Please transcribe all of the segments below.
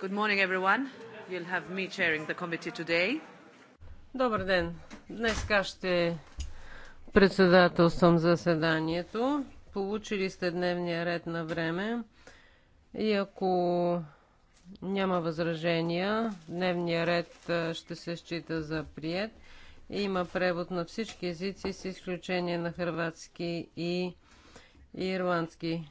Good morning, everyone. You'll have me chairing the committee today. Добър ден! Днес ще председателствам заседанието. Получили сте дневния ред на време и ако няма възражения, дневния ред ще се счита за прият. Има превод на всички езици с изключение на хрватски и ирландски.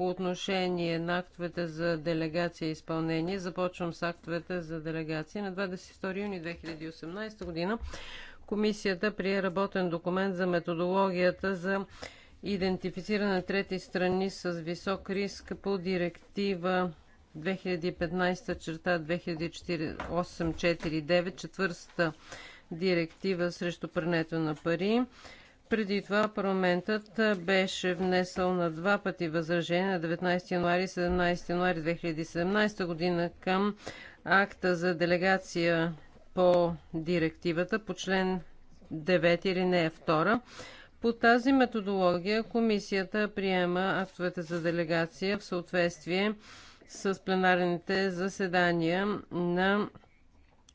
По отношение на актовете за делегация и изпълнение, започвам с актовете за делегация. На 22 юни 2018 година комисията прие работен документ за методологията за идентифициране на трети страни с висок риск по директива 2015 черта 2849, четвърста директива срещу прането на пари. Преди това парламентът беше внесъл на два пъти възражение на 19 януари и 17 януари 2017 година към акта за делегация по директивата по член 9 или не 2. По тази методология комисията приема актовете за делегация в съответствие с пленарните заседания на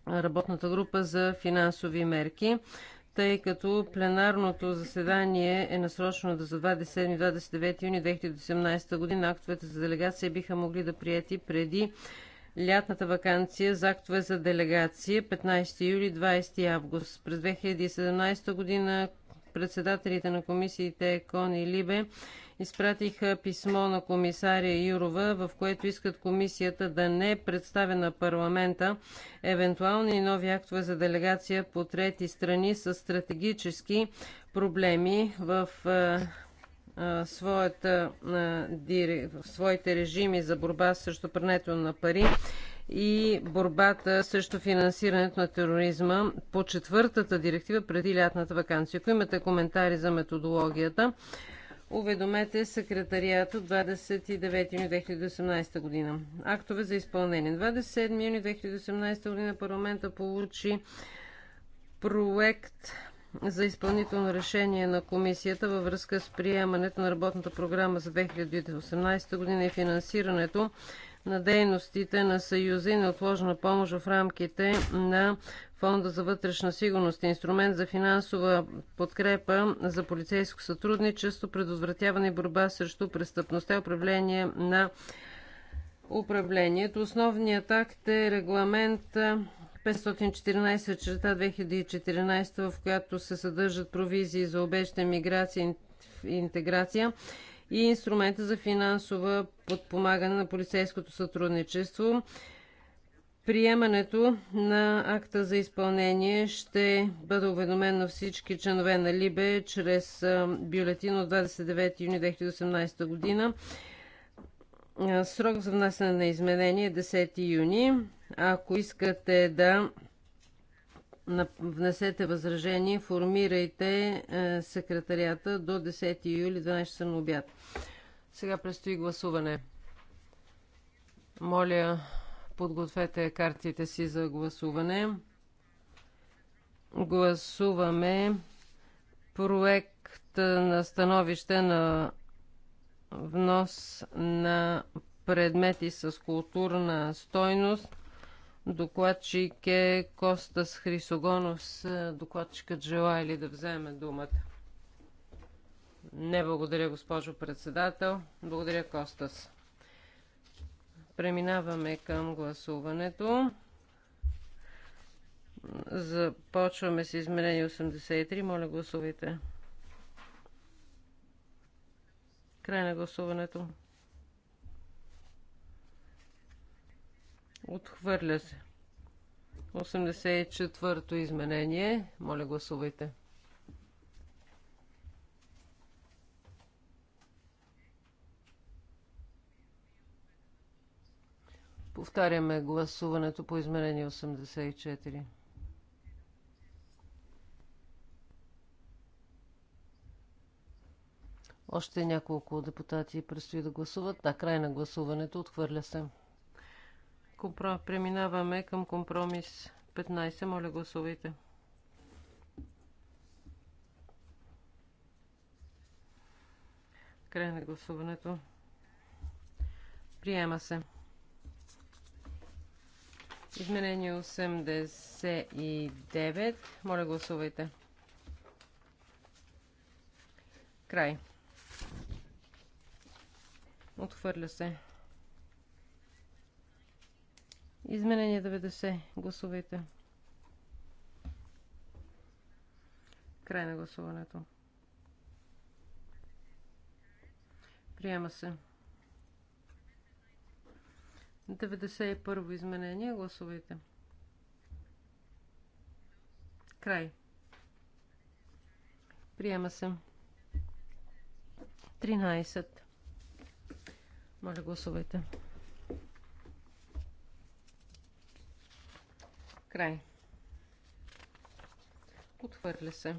работната група за финансови мерки тъй като пленарното заседание е насрочено за 27-29 юни 2018 година. Актовете за делегация биха могли да прияти преди лятната вакансия за актове за делегация 15 юли 20 август. През 2017 година председателите на комисиите КОН и ЛИБЕ изпратиха писмо на комисаря Юрова, в което искат комисията да не представя на парламента евентуални нови актове за делегация по трети страни с стратегически проблеми в е, е, своята, е, в своите режими за борба срещу прането на пари и борбата срещу финансирането на тероризма по четвъртата директива преди лятната вакансия. Ако имате коментари за методологията, уведомете секретарията от 29 юни 2018 година. Актове за изпълнение. 27 юни 2018 година парламента получи проект за изпълнително решение на комисията във връзка с приемането на работната програма за 2018 година и финансирането на дейностите на Съюза и неотложна помощ в рамките на Фонда за вътрешна сигурност, инструмент за финансова подкрепа за полицейско сътрудничество, предотвратяване и борба срещу престъпността и управление на управлението. Основният акт е регламент 514 черта 2014, в която се съдържат провизии за обещане, миграция и интеграция и инструмента за финансова подпомагане на полицейското сътрудничество. Приемането на акта за изпълнение ще бъде уведомен на всички членове на Либе чрез бюлетин от 29 юни 2018 година. Срок за внасяне на изменение е 10 юни. Ако искате да внесете възражение, информирайте е, секретарията до 10 юли 12 часа на обяд. Сега предстои гласуване. Моля, подгответе картите си за гласуване. Гласуваме проект на становище на внос на предмети с културна стойност – Докладчик е Костас Хрисогонос. Докладчикът желая ли да вземе думата? Не, благодаря, госпожо председател. Благодаря, Костас. Преминаваме към гласуването. Започваме с изменение 83. Моля, гласувайте. Край на гласуването. Отхвърля се. 84-то изменение. Моля, гласувайте. Повтаряме гласуването по изменение 84. Още няколко депутати предстои да гласуват. На край на гласуването отхвърля се. Преминаваме към компромис 15. Моля, гласувайте. Край на гласуването. Приема се. Изменение 89. Моля, гласувайте. Край. Отхвърля се. Изменение 90. Гласувайте. Край на гласуването. Приема се. 91 изменение. Гласувайте. Край. Приема се. 13. Моля, гласувайте. Край. Отхвърля се.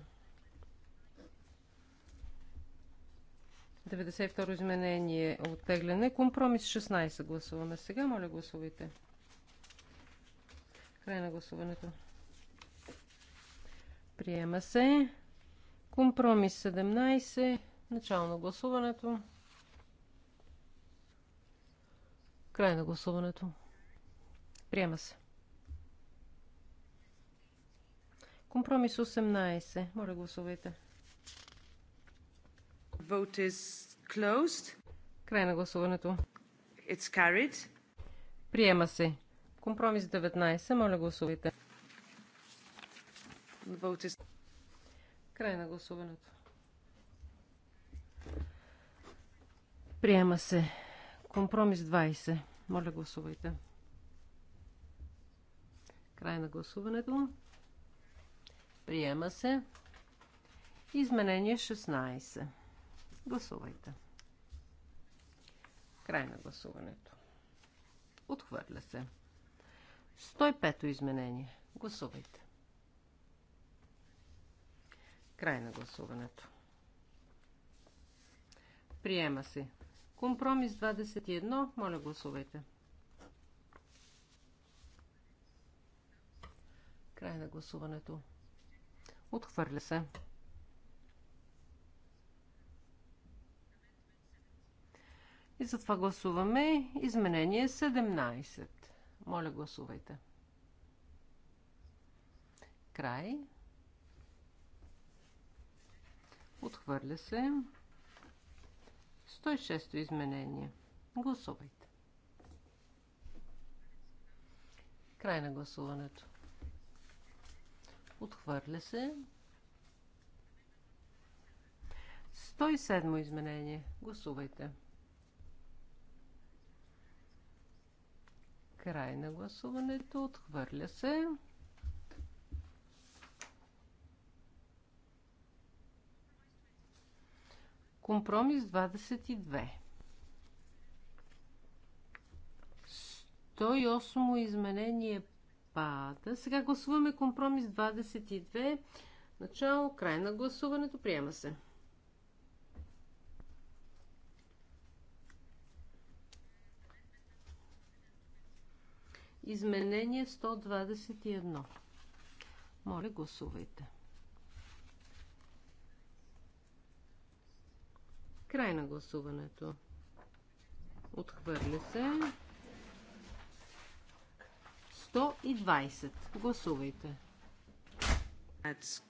92 изменение е оттегляне. Компромис 16 гласуваме сега. Моля гласувайте. Край на гласуването. Приема се. Компромис 17. Начало на гласуването. Край на гласуването. Приема се. Компромис 18. Моля гласувайте. Vote is closed. Край на гласуването. It's carried. Приема се. Компромис 19. Моля гласувайте. Vote is... Край на гласуването. Приема се. Компромис 20. Моля гласувайте. Край на гласуването. Приема се. Изменение 16. Гласувайте. Край на гласуването. Отхвърля се. 105-то изменение. Гласувайте. Край на гласуването. Приема се. Компромис 21. Моля гласувайте. Край на гласуването. Отхвърля се. И затова гласуваме изменение 17. Моля, гласувайте. Край. Отхвърля се. 106 изменение. Гласувайте. Край на гласуването. Отхвърля се. 107 изменение. Гласувайте. Край на гласуването. Отхвърля се. Компромис 22. 108 изменение отпада. Сега гласуваме компромис 22. Начало, край на гласуването. Приема се. Изменение 121. Моля, гласувайте. Край на гласуването. Отхвърля се. 120. Гласувайте. That's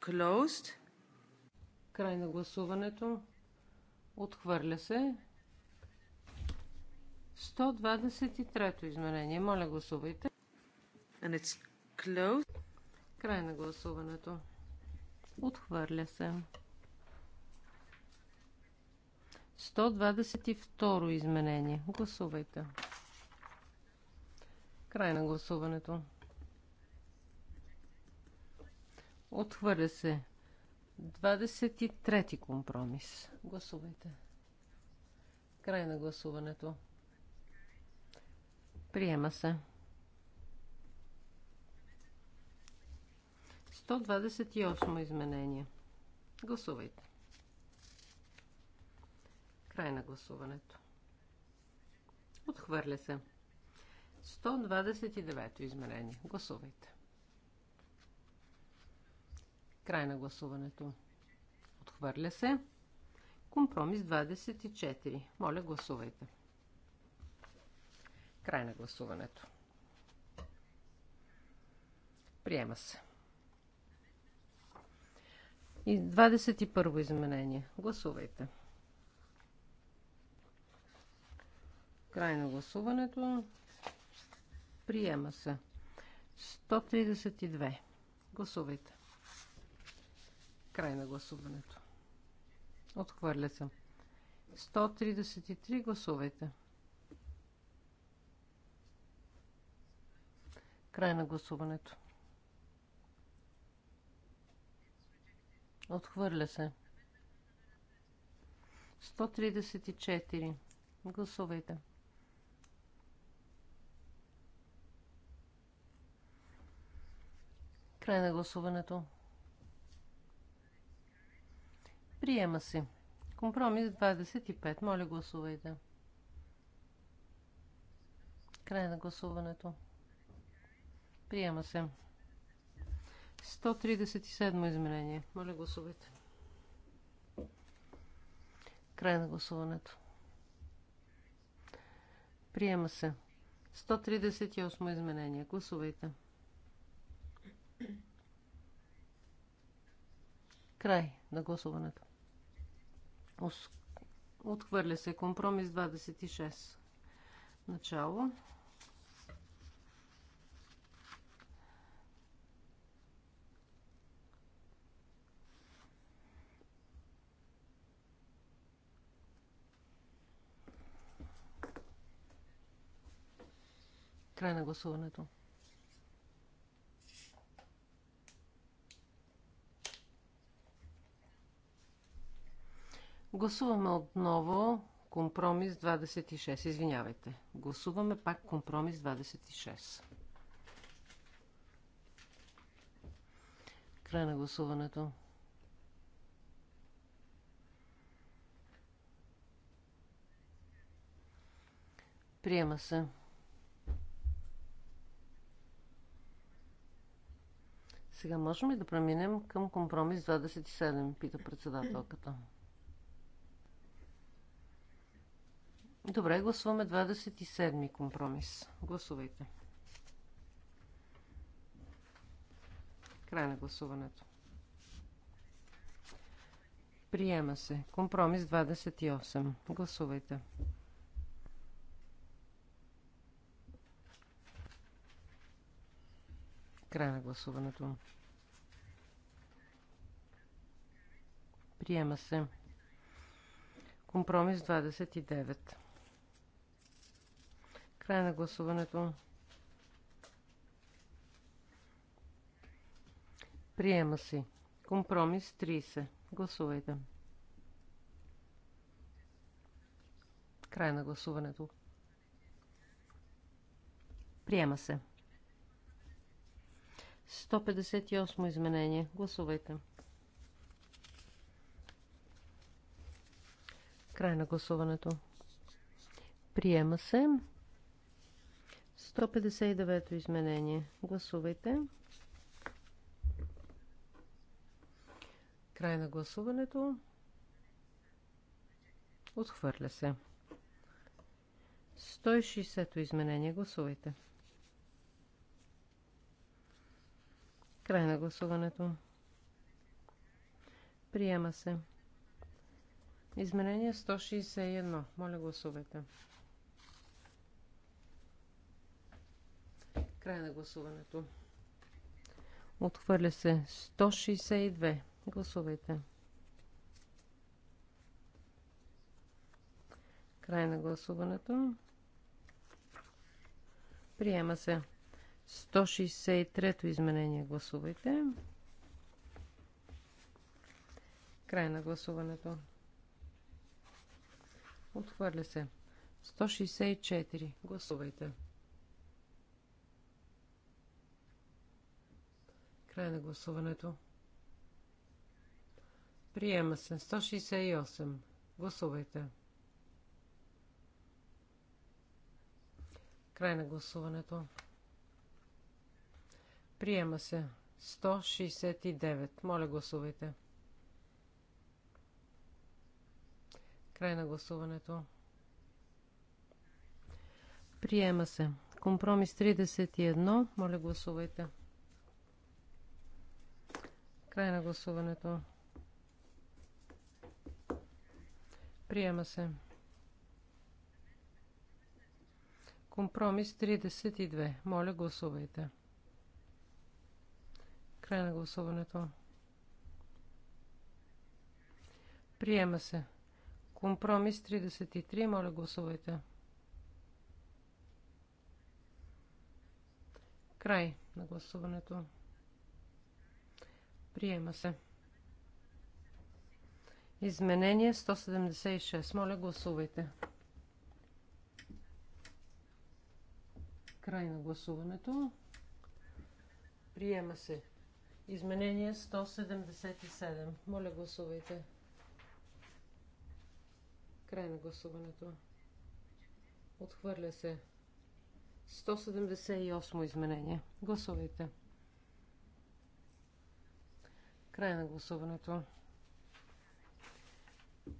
closed. Край на гласуването. Отхвърля се. 123-то изменение. Моля, гласувайте. And it's closed. Край на гласуването. Отхвърля се. 122 изменение. Гласувайте. Край на гласуването. Отхвърля се. 23 компромис. Гласувайте. Край на гласуването. Приема се. 128 изменение. Гласувайте. Край на гласуването. Отхвърля се. 129-то измерение. Гласувайте. Край на гласуването. Отхвърля се. Компромис 24. Моля, гласувайте. Край на гласуването. Приема се. И 21 изменение. Гласувайте. Край на гласуването. Приема се. 132. Гласувайте. Край на гласуването. Отхвърля се. 133. Гласувайте. Край на гласуването. Отхвърля се. 134. Гласувайте. Край на гласуването. Приема се. Компромис 25. Моля гласувайте. Край на гласуването. Приема се. 137 изменение. Моля гласувайте. Край на гласуването. Приема се. 138 изменение. Гласувайте. Край на гласуването. Отхвърля се компромис 26. Начало. Край на гласуването. Гласуваме отново компромис 26. Извинявайте. Гласуваме пак компромис 26. Край на гласуването. Приема се. Сега можем ли да преминем към компромис 27, пита председателката. Добре, гласуваме 27-ми компромис. Гласувайте. Край на гласуването. Приема се. Компромис 28. Гласувайте. Край на гласуването. Приема се. Компромис 29. Край на гласуването. Приема си. Компромис 30. Гласувайте. Край на гласуването. Приема се. 158 изменение. Гласувайте. Край на гласуването. Приема се. 159-то изменение. Гласувайте. Край на гласуването. Отхвърля се. 160-то изменение. Гласувайте. Край на гласуването. Приема се. Изменение 161. Моля гласувайте. Край на гласуването. Отхвърля се 162. Гласувайте. Край на гласуването. Приема се 163-то изменение. Гласувайте. Край на гласуването. Отхвърля се. 164. Гласувайте. Край на гласуването. Приема се. 168. Гласувайте. Край на гласуването. Приема се. 169. Моля, гласувайте. Край на гласуването. Приема се. Компромис 31. Моля, гласувайте. Край на гласуването. Приема се. Компромис 32. Моля, гласувайте. Край на гласуването. Приема се. Компромис 33. Моля, гласувайте. Край на гласуването. Приема се. Изменение 176. Моля, гласувайте. Край на гласуването. Приема се. Изменение 177. Моля, гласувайте. Край на гласуването. Отхвърля се. 178 изменение. Гласувайте. Край на гласуването.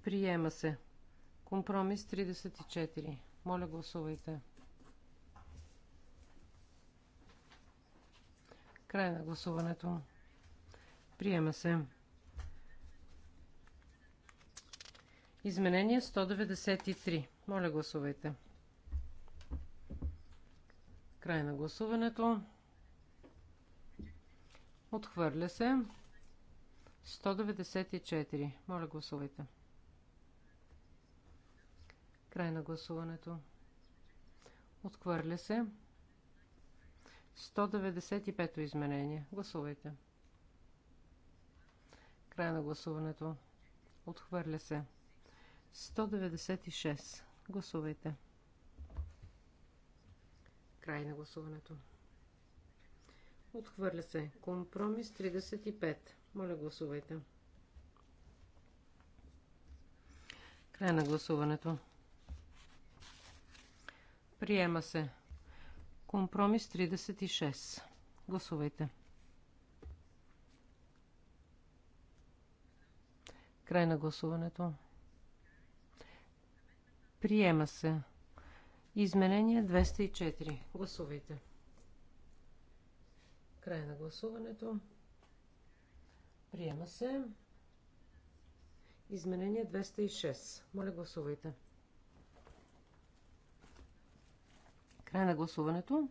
Приема се. Компромис 34. Моля, гласувайте. Край на гласуването. Приема се. Изменение 193. Моля, гласувайте. Край на гласуването. Отхвърля се. 194. Моля, гласувайте. Край на гласуването. Отхвърля се. 195 изменение. Гласувайте. Край на гласуването. Отхвърля се. 196. Гласувайте. Край на гласуването. Отхвърля се. Компромис 35. Моля, гласувайте. Край на гласуването. Приема се. Компромис 36. Гласувайте. Край на гласуването. Приема се. Изменение 204. Гласувайте. Край на гласуването. Приема се. Изменение 206. Моля гласувайте. Край на гласуването.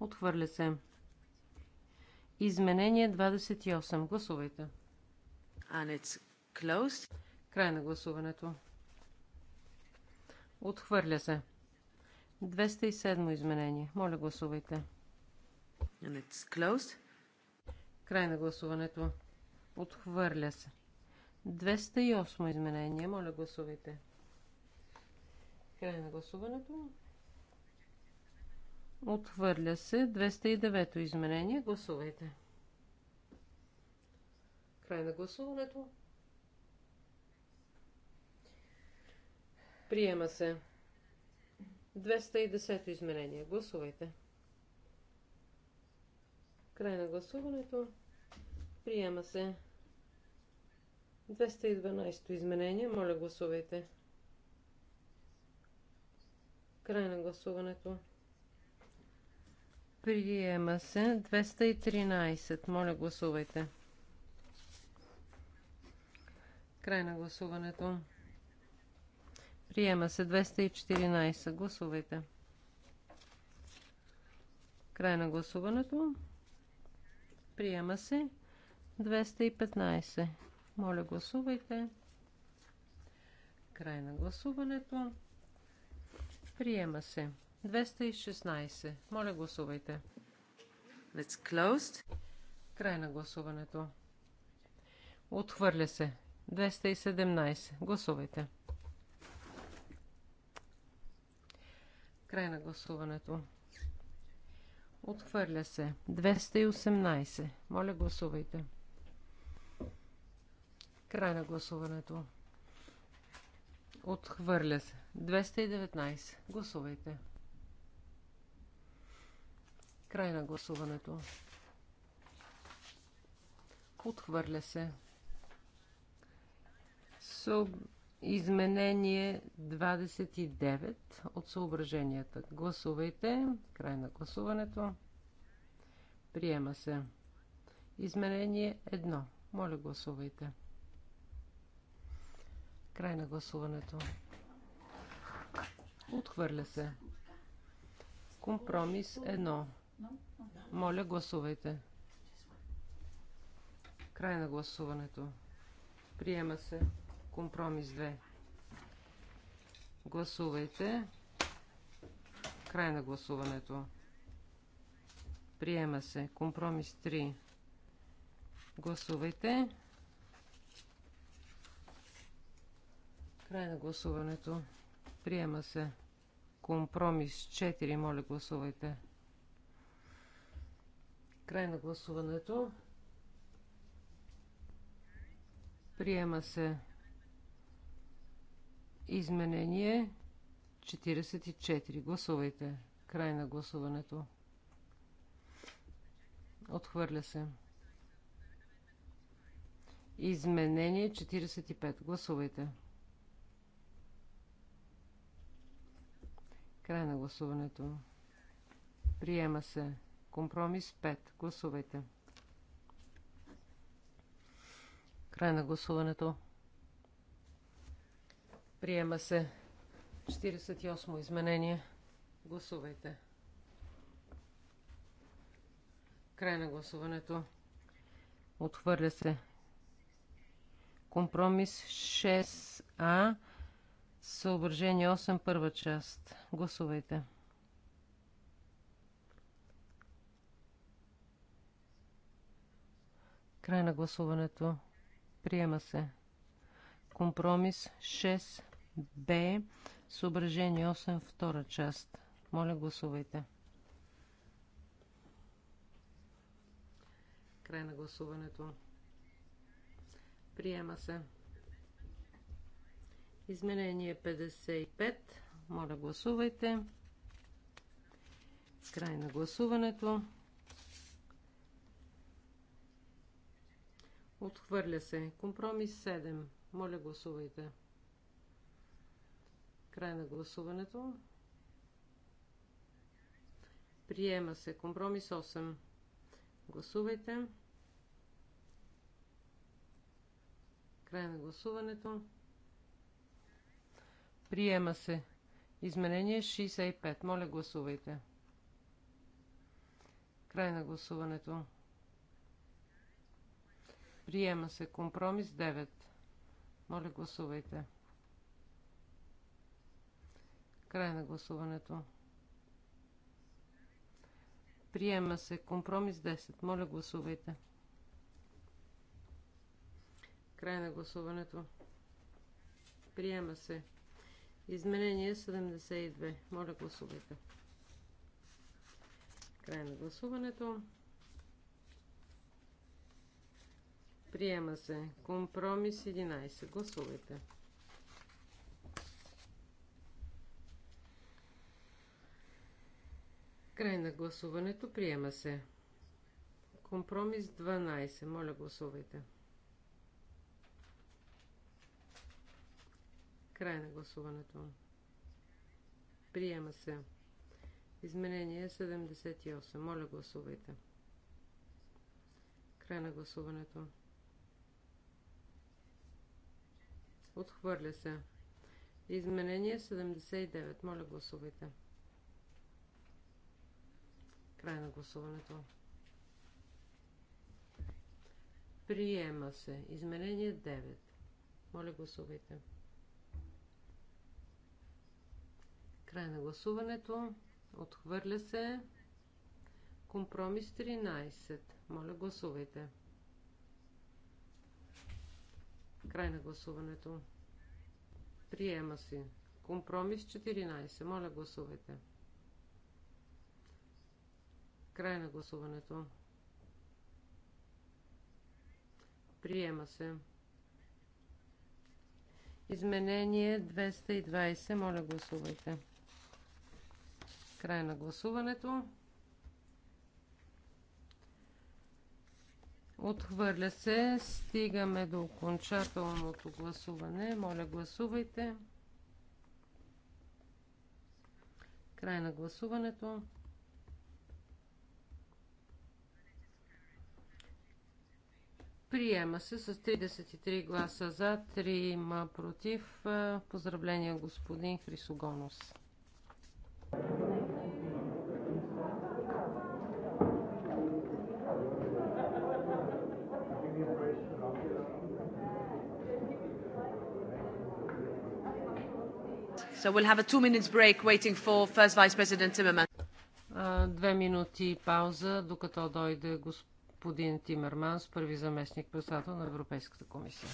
Отхвърля се. Изменение 28. Гласувайте. And it's closed. Край на гласуването. Отхвърля се. 207 изменение. Моля, гласувайте. And it's closed. Край на гласуването. Отхвърля се. 208 изменение. Моля, гласувайте. Край на гласуването. Отхвърля се. 209 изменение. Гласувайте. Край на гласуването. Приема се. 210 измерение. Гласувайте. Край на гласуването. Приема се. 212 изменение. Моля, гласувайте. Край на гласуването. Приема се. 213. Моля, гласувайте. Край на гласуването. Приема се 214. Гласувайте. Край на гласуването. Приема се 215. Моля, гласувайте. Край на гласуването. Приема се 216. Моля, гласувайте. Let's closed. Край на гласуването. Отхвърля се. 217. Гласувайте. Край на гласуването. Отхвърля се. 218. Моля, гласувайте. Край на гласуването. Отхвърля се. 219. Гласувайте. Край на гласуването. Отхвърля се. Суб... Изменение 29 от съображенията. Гласувайте. Край на гласуването. Приема се. Изменение 1. Моля гласувайте. Край на гласуването. Отхвърля се. Компромис 1. Моля гласувайте. Край на гласуването. Приема се. Компромис 2. Гласувайте. Край на гласуването. Приема се. Компромис 3. Гласувайте. Край на гласуването. Приема се. Компромис 4. Моля, гласувайте. Край на гласуването. Приема се. Изменение 44. Гласувайте. Край на гласуването. Отхвърля се. Изменение 45. Гласувайте. Край на гласуването. Приема се. Компромис 5. Гласувайте. Край на гласуването. Приема се 48 изменение. Гласувайте. Край на гласуването. Отхвърля се. Компромис 6А. Съображение 8, първа част. Гласувайте. Край на гласуването. Приема се. Компромис 6 Б. Съображение 8, втора част. Моля, гласувайте. Край на гласуването. Приема се. Изменение 55. Моля, гласувайте. Край на гласуването. Отхвърля се. Компромис 7. Моля, гласувайте. Край на гласуването. Приема се. Компромис 8. Гласувайте. Край на гласуването. Приема се. Изменение 65. Моля, гласувайте. Край на гласуването. Приема се. Компромис 9. Моля, гласувайте. Край на гласуването. Приема се компромис 10. Моля, гласувайте. Край на гласуването. Приема се. Изменение 72. Моля, гласувайте. Край на гласуването. Приема се. Компромис 11. Гласувайте. Край на гласуването. Приема се. Компромис 12. Моля, гласувайте. Край на гласуването. Приема се. Изменение 78. Моля, гласувайте. Край на гласуването. Отхвърля се. Изменение 79. Моля, гласувайте. Край на гласуването. Приема се. Изменение 9. Моля, гласувайте. Край на гласуването. Отхвърля се. Компромис 13. Моля, гласувайте. Край на гласуването. Приема се. Компромис 14. Моля, гласувайте. Край на гласуването. Приема се. Изменение 220. Моля, гласувайте. Край на гласуването. Отхвърля се. Стигаме до окончателното гласуване. Моля, гласувайте. Край на гласуването. Приема се с 33 гласа за, 3 против. Поздравления господин Хрисогонос. So we'll have a two minutes break waiting for first vice president Timmermans. Две минути пауза, докато дойде господин господин Тимерманс, първи заместник председател на Европейската комисия.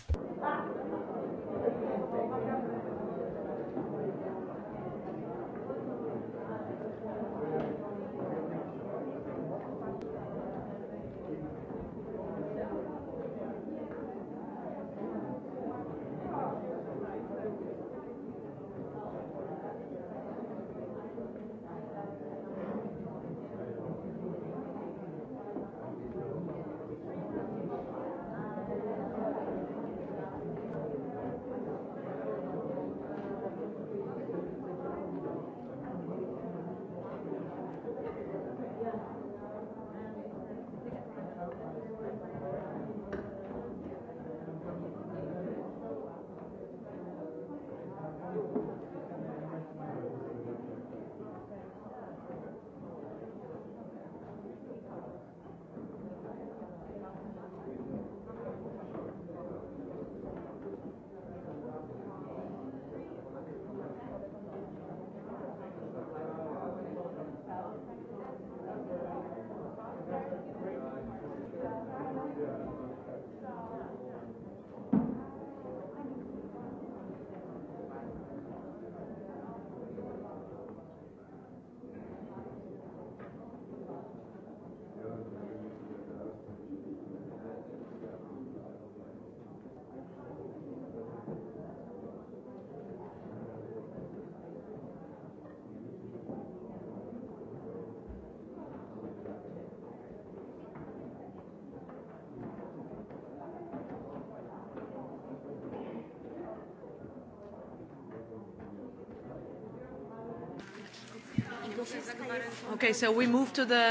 Okay, so we move to the,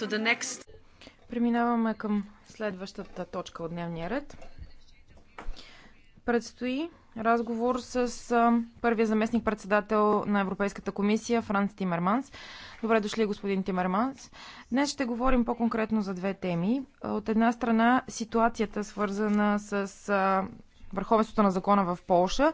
to the next. Преминаваме към следващата точка от дневния ред. Предстои разговор с първия заместник председател на Европейската комисия Франц Тимерманс. Добре дошли, господин Тимерманс. Днес ще говорим по-конкретно за две теми. От една страна ситуацията, свързана с върховенството на закона в Полша.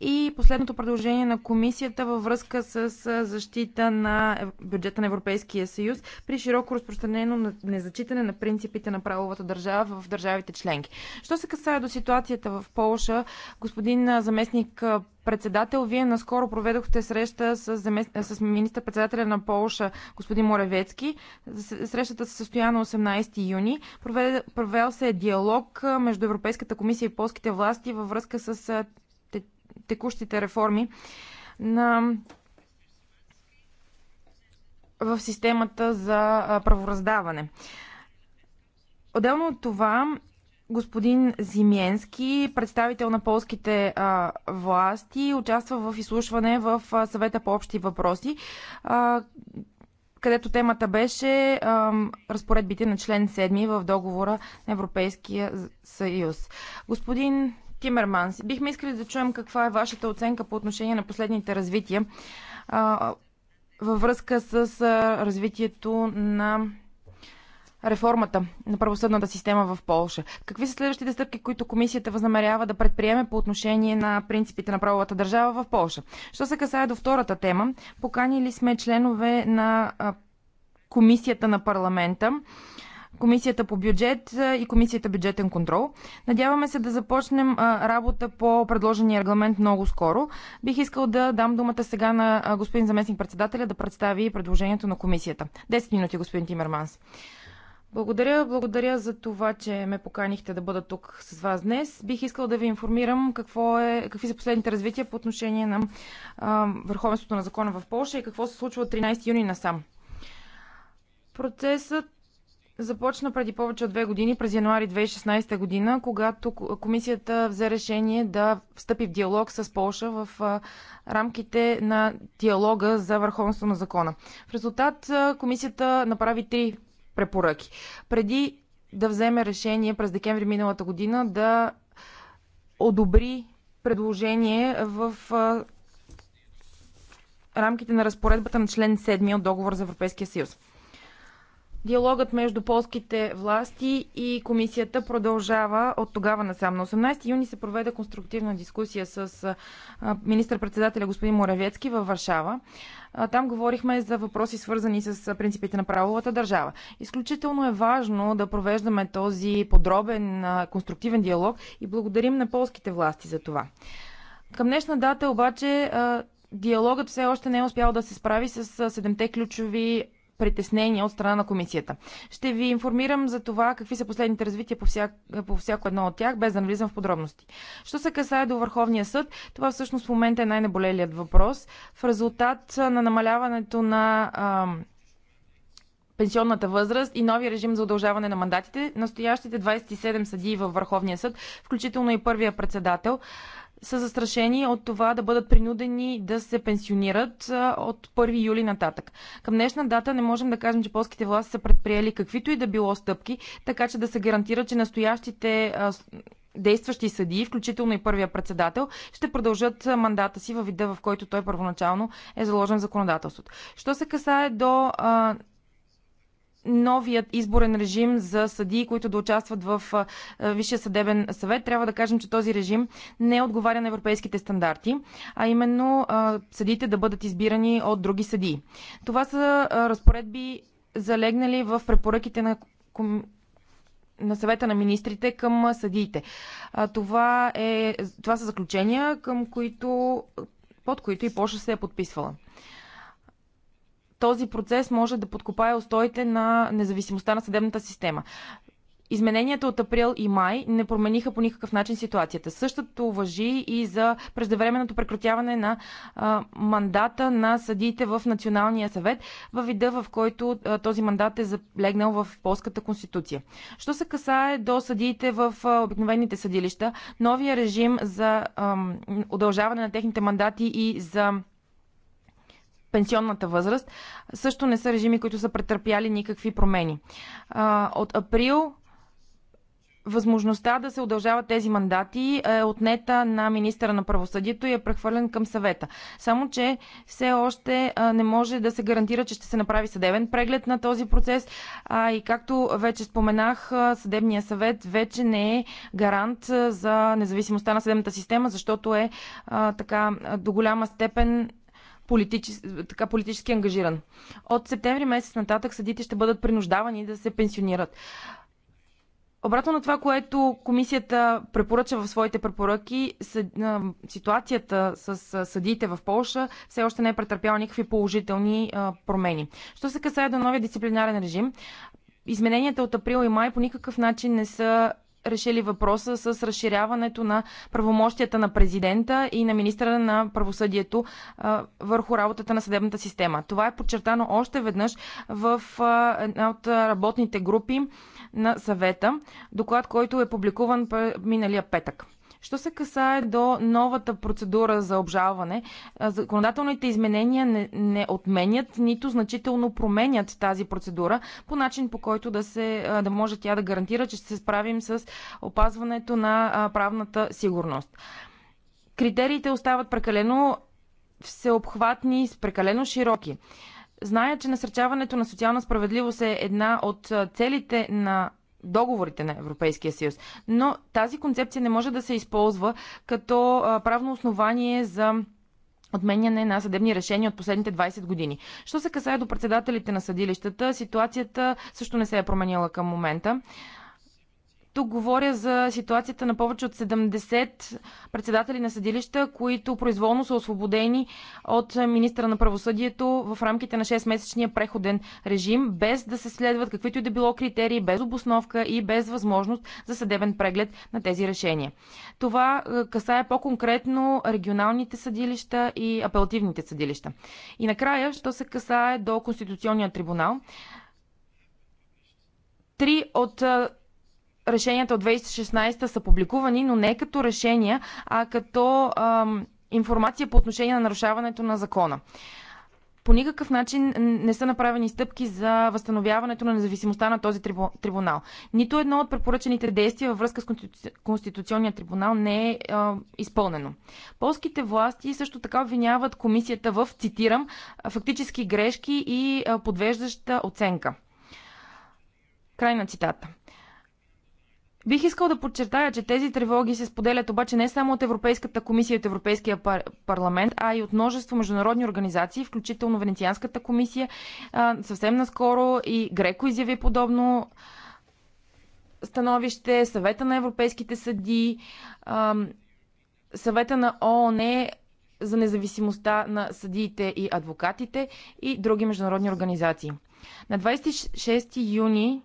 И последното предложение на комисията във връзка с защита на бюджета на Европейския съюз при широко разпространено незачитане на принципите на правовата държава в държавите членки. Що се касае до ситуацията в Полша, господин заместник председател, вие наскоро проведохте среща с, с министър-председателя на Полша, господин Моревецки. Срещата се състоя на 18 юни. Провед... Провел се е диалог между Европейската комисия и полските власти във връзка с текущите реформи на в системата за правораздаване. Отделно от това, господин Зименски, представител на полските а, власти, участва в изслушване в а, съвета по общи въпроси, а, където темата беше а, разпоредбите на член 7 в договора на Европейския съюз. Господин Тимерманс, бихме искали да чуем каква е вашата оценка по отношение на последните развития а, във връзка с а, развитието на реформата на правосъдната система в Полша. Какви са следващите стъпки, които комисията възнамерява да предприеме по отношение на принципите на правовата държава в Полша? Що се касае до втората тема, поканили сме членове на комисията на парламента. Комисията по бюджет и Комисията бюджетен контрол. Надяваме се да започнем работа по предложения регламент много скоро. Бих искал да дам думата сега на господин заместник председателя да представи предложението на комисията. 10 минути, господин Тимерманс. Благодаря, благодаря за това, че ме поканихте да бъда тук с вас днес. Бих искал да ви информирам какво е, какви са последните развития по отношение на а, върховенството на закона в Польша и какво се случва от 13 юни насам. Процесът започна преди повече от две години, през януари 2016 година, когато комисията взе решение да встъпи в диалог с Полша в рамките на диалога за върховенство на закона. В резултат комисията направи три препоръки. Преди да вземе решение през декември миналата година да одобри предложение в рамките на разпоредбата на член 7 от договор за Европейския съюз. Диалогът между полските власти и комисията продължава от тогава насам. На 18 юни се проведе конструктивна дискусия с министър-председателя господин Моравецки във Варшава. Там говорихме за въпроси свързани с принципите на правовата държава. Изключително е важно да провеждаме този подробен конструктивен диалог и благодарим на полските власти за това. Към днешна дата обаче диалогът все още не е успял да се справи с седемте ключови притеснения от страна на комисията. Ще ви информирам за това какви са последните развития по, всяко, по всяко едно от тях, без да навлизам в подробности. Що се касае до Върховния съд, това всъщност в момента е най-неболелият въпрос. В резултат на намаляването на. А, пенсионната възраст и нови режим за удължаване на мандатите, настоящите 27 съдии във Върховния съд, включително и първия председател, са застрашени от това да бъдат принудени да се пенсионират от 1 юли нататък. Към днешна дата не можем да кажем, че полските власти са предприели каквито и да било стъпки, така че да се гарантира, че настоящите действащи съдии, включително и първия председател, ще продължат мандата си във вида, в който той първоначално е заложен в законодателството. Що се касае до а, новият изборен режим за съдии, които да участват в Висшия съдебен съвет, трябва да кажем, че този режим не отговаря на европейските стандарти, а именно съдиите да бъдат избирани от други съдии. Това са разпоредби залегнали в препоръките на на съвета на министрите към съдиите. Това, е, това са заключения, към които, под които и Польша се е подписвала този процес може да подкопае устоите на независимостта на съдебната система. Измененията от април и май не промениха по никакъв начин ситуацията. Същото въжи и за преждевременното прекратяване на а, мандата на съдиите в Националния съвет, във вида в който а, този мандат е залегнал в Полската конституция. Що се касае до съдиите в а, обикновените съдилища, новия режим за а, удължаване на техните мандати и за пенсионната възраст, също не са режими, които са претърпяли никакви промени. От април възможността да се удължават тези мандати е отнета на министра на правосъдието и е прехвърлен към съвета. Само, че все още не може да се гарантира, че ще се направи съдебен преглед на този процес. А и както вече споменах, съдебния съвет вече не е гарант за независимостта на съдебната система, защото е така до голяма степен политически, така, политически ангажиран. От септември месец нататък съдите ще бъдат принуждавани да се пенсионират. Обратно на това, което комисията препоръча в своите препоръки, ситуацията с съдиите в Полша все още не е претърпяла никакви положителни промени. Що се касае до новия дисциплинарен режим, измененията от април и май по никакъв начин не са решили въпроса с разширяването на правомощията на президента и на министра на правосъдието а, върху работата на съдебната система. Това е подчертано още веднъж в а, една от работните групи на съвета, доклад, който е публикуван миналия петък. Що се касае до новата процедура за обжалване, законодателните изменения не, не отменят, нито значително променят тази процедура по начин по който да, се, да може тя да гарантира, че ще се справим с опазването на правната сигурност. Критериите остават прекалено всеобхватни, прекалено широки. Зная, че насърчаването на социална справедливост е една от целите на договорите на Европейския съюз. Но тази концепция не може да се използва като правно основание за отменяне на съдебни решения от последните 20 години. Що се касае до председателите на съдилищата, ситуацията също не се е променила към момента. Тук говоря за ситуацията на повече от 70 председатели на съдилища, които произволно са освободени от министра на правосъдието в рамките на 6-месечния преходен режим, без да се следват каквито и да било критерии, без обосновка и без възможност за съдебен преглед на тези решения. Това касае по-конкретно регионалните съдилища и апелативните съдилища. И накрая, що се касае до Конституционния трибунал, три от решенията от 2016 са публикувани, но не като решения, а като ам, информация по отношение на нарушаването на закона. По никакъв начин не са направени стъпки за възстановяването на независимостта на този трибунал. Нито едно от препоръчените действия във връзка с Конституционния трибунал не е, е изпълнено. Полските власти също така обвиняват комисията в, цитирам, фактически грешки и подвеждаща оценка. Край на цитата. Бих искал да подчертая, че тези тревоги се споделят обаче не само от Европейската комисия и от Европейския пар- парламент, а и от множество международни организации, включително Венецианската комисия. А, съвсем наскоро и Греко изяви подобно становище, съвета на европейските съди, а, съвета на ООН за независимостта на съдиите и адвокатите и други международни организации. На 26 юни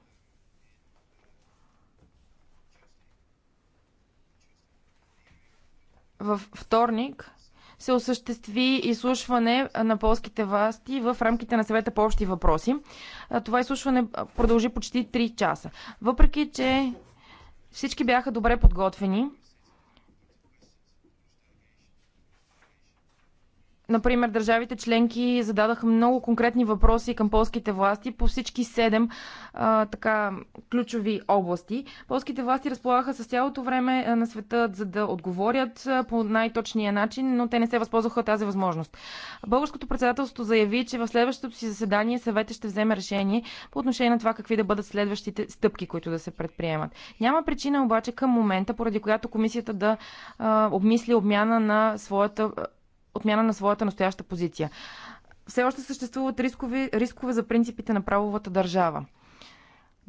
във вторник се осъществи изслушване на полските власти в рамките на съвета по общи въпроси. Това изслушване продължи почти 3 часа. Въпреки, че всички бяха добре подготвени, Например, държавите членки зададаха много конкретни въпроси към полските власти по всички седем а, така, ключови области. Полските власти разполагаха с цялото време на света, за да отговорят по най-точния начин, но те не се възползваха тази възможност. Българското председателство заяви, че в следващото си заседание съвета ще вземе решение по отношение на това какви да бъдат следващите стъпки, които да се предприемат. Няма причина обаче към момента, поради която комисията да а, обмисли обмяна на своята отмяна на своята настояща позиция. Все още съществуват рискове, рискове за принципите на правовата държава.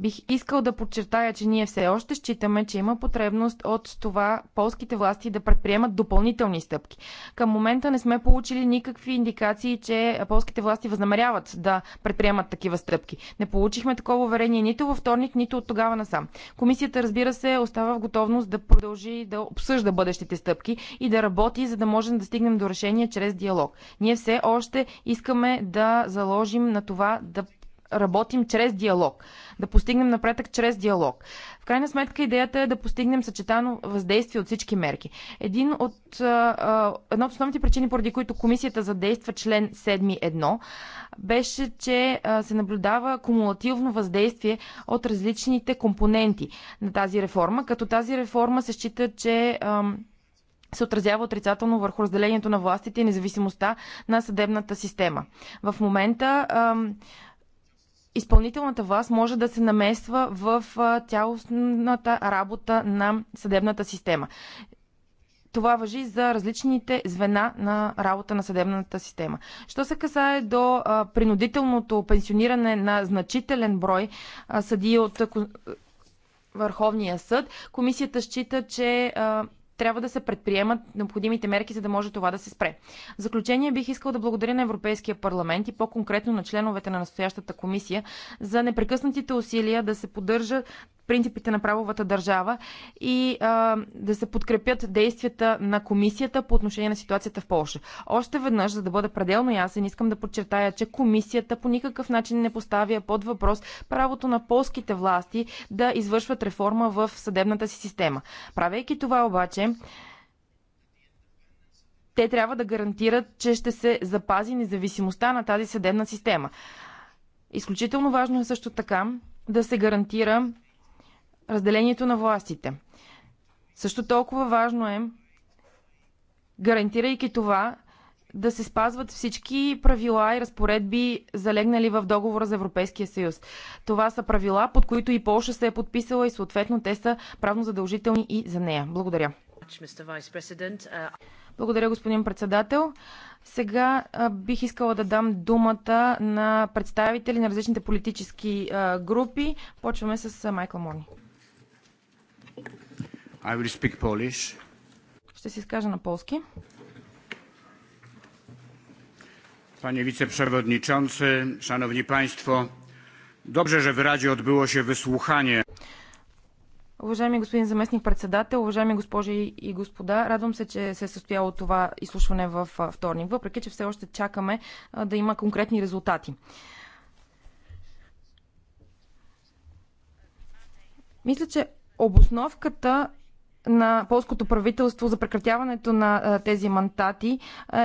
Бих искал да подчертая, че ние все още считаме, че има потребност от това полските власти да предприемат допълнителни стъпки. Към момента не сме получили никакви индикации, че полските власти възнамеряват да предприемат такива стъпки. Не получихме такова уверение нито във вторник, нито от тогава насам. Комисията, разбира се, остава в готовност да продължи да обсъжда бъдещите стъпки и да работи, за да можем да стигнем до решение чрез диалог. Ние все още искаме да заложим на това да работим чрез диалог, да постигнем напредък чрез диалог. В крайна сметка идеята е да постигнем съчетано въздействие от всички мерки. Един от, а, една от основните причини, поради които комисията задейства член 7.1, беше, че а, се наблюдава кумулативно въздействие от различните компоненти на тази реформа, като тази реформа се счита, че а, се отразява отрицателно върху разделението на властите и независимостта на съдебната система. В момента изпълнителната власт може да се намесва в цялостната работа на съдебната система. Това въжи за различните звена на работа на съдебната система. Що се касае до а, принудителното пенсиониране на значителен брой а, съдии от а, Върховния съд, комисията счита, че а, трябва да се предприемат необходимите мерки, за да може това да се спре. В заключение бих искал да благодаря на Европейския парламент и по-конкретно на членовете на настоящата комисия за непрекъснатите усилия да се поддържа принципите на правовата държава и а, да се подкрепят действията на комисията по отношение на ситуацията в Польша. Още веднъж, за да бъда пределно ясен, искам да подчертая, че комисията по никакъв начин не поставя под въпрос правото на полските власти да извършват реформа в съдебната си система. Правейки това обаче, те трябва да гарантират, че ще се запази независимостта на тази съдебна система. Изключително важно е също така да се гарантира разделението на властите. Също толкова важно е, гарантирайки това, да се спазват всички правила и разпоредби, залегнали в договора за Европейския съюз. Това са правила, под които и Полша се е подписала и съответно те са правно задължителни и за нея. Благодаря. Благодаря, господин председател. Сега бих искала да дам думата на представители на различните политически групи. Почваме с Майкъл Морни. I will speak Polish. Ще се изкажа на полски. Panie wiceprzewodniczący, szanowni państwo, dobrze, że w Radzie odbyło się wysłuchanie. Уважаеми господин заместник председател, уважаеми госпожи и господа, радвам се, че се е състояло това изслушване в вторник, въпреки че все още чакаме да има конкретни резултати. Мисля, че обосновката на полското правителство за прекратяването на тези мандати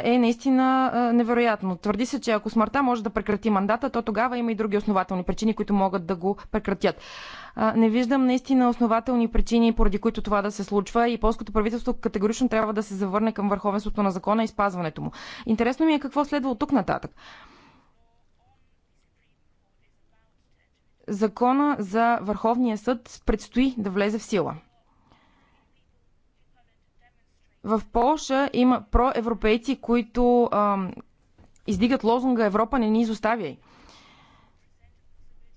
е наистина невероятно. Твърди се, че ако смъртта може да прекрати мандата, то тогава има и други основателни причини, които могат да го прекратят. Не виждам наистина основателни причини, поради които това да се случва и полското правителство категорично трябва да се завърне към върховенството на закона и спазването му. Интересно ми е какво следва от тук нататък. Закона за Върховния съд предстои да влезе в сила. В Полша има проевропейци, които ам, издигат лозунга Европа не ни изоставяй.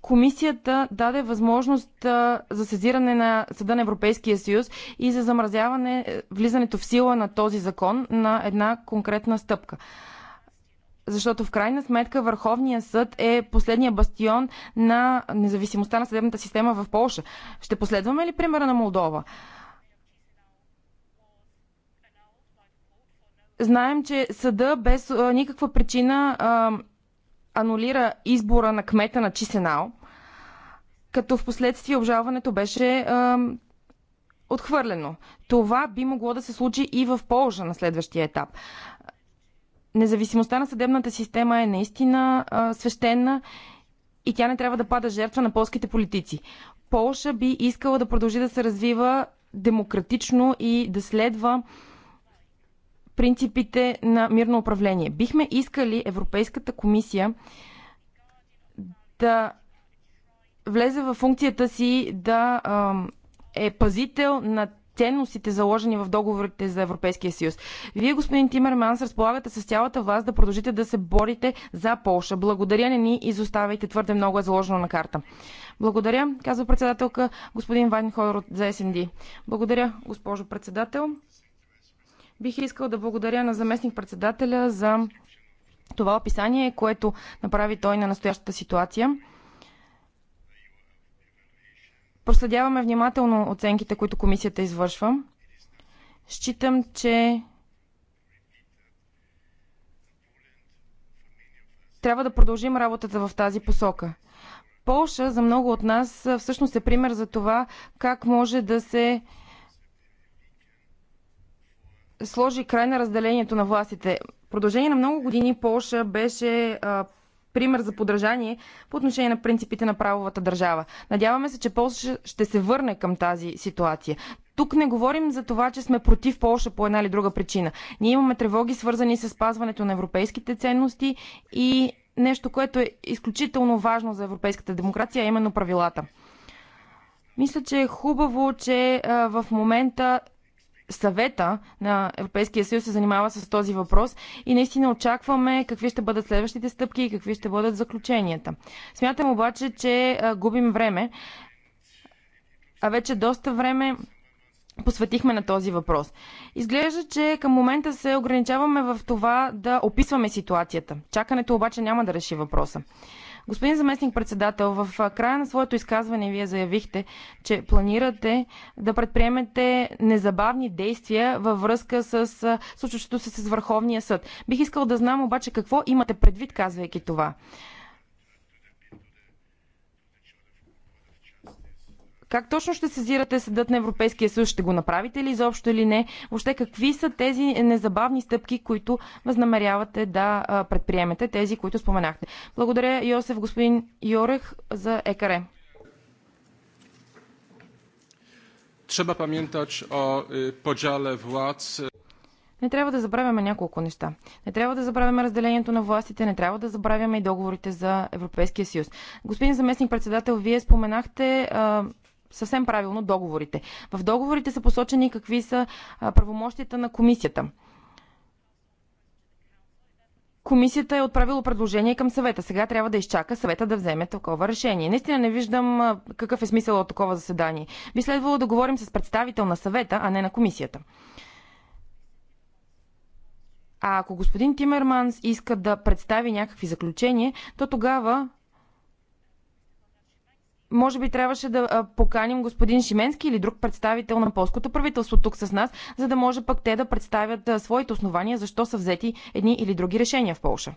Комисията даде възможност а, за сезиране на Съда на Европейския съюз и за замразяване е, влизането в сила на този закон на една конкретна стъпка защото в крайна сметка Върховният съд е последния бастион на независимостта на съдебната система в Польша. Ще последваме ли примера на Молдова? Знаем, че съда без а, никаква причина а, анулира избора на кмета на Чисенал, като в последствие обжалването беше а, отхвърлено. Това би могло да се случи и в полза на следващия етап. Независимостта на съдебната система е наистина а, свещена и тя не трябва да пада жертва на полските политици. Полша би искала да продължи да се развива демократично и да следва а, принципите на мирно управление. Бихме искали Европейската комисия да влезе в функцията си да е пазител на ценностите, заложени в договорите за Европейския съюз. Вие, господин Тимерманс, разполагате с цялата власт да продължите да се борите за Полша. Благодаря не ни изоставайте Твърде много е заложено на карта. Благодаря, казва председателка господин Вайн от за СНД. Благодаря, госпожо председател. Бих искал да благодаря на заместник-председателя за това описание, което направи той на настоящата ситуация. Проследяваме внимателно оценките, които комисията извършва. Считам, че трябва да продължим работата в тази посока. Полша за много от нас всъщност е пример за това как може да се сложи край на разделението на властите. В продължение на много години Полша беше а, пример за подражание по отношение на принципите на правовата държава. Надяваме се, че Полша ще се върне към тази ситуация. Тук не говорим за това, че сме против Полша по една или друга причина. Ние имаме тревоги, свързани с спазването на европейските ценности и нещо, което е изключително важно за европейската демокрация, а именно правилата. Мисля, че е хубаво, че в момента съвета на Европейския съюз се занимава с този въпрос и наистина очакваме какви ще бъдат следващите стъпки и какви ще бъдат заключенията. Смятам обаче, че губим време, а вече доста време посветихме на този въпрос. Изглежда, че към момента се ограничаваме в това да описваме ситуацията. Чакането обаче няма да реши въпроса. Господин заместник председател, в края на своето изказване вие заявихте, че планирате да предприемете незабавни действия във връзка с случващото се с Върховния съд. Бих искал да знам обаче какво имате предвид, казвайки това. как точно ще сезирате съдът на Европейския съюз? Ще го направите ли изобщо или не? Въобще какви са тези незабавни стъпки, които възнамерявате да предприемете, тези, които споменахте? Благодаря, Йосеф, господин Йорех, за ЕКАРЕ. Trzeba pamiętać o podziale władz. Не трябва да забравяме няколко неща. Не трябва да забравяме разделението на властите, не трябва да забравяме и договорите за Европейския съюз. Господин заместник председател, вие споменахте а, съвсем правилно договорите. В договорите са посочени какви са правомощията на комисията. Комисията е отправила предложение към съвета. Сега трябва да изчака съвета да вземе такова решение. Наистина не виждам какъв е смисъл от такова заседание. Би следвало да говорим с представител на съвета, а не на комисията. А ако господин Тимерманс иска да представи някакви заключения, то тогава може би трябваше да поканим господин Шименски или друг представител на полското правителство тук с нас, за да може пък те да представят своите основания, защо са взети едни или други решения в Полша.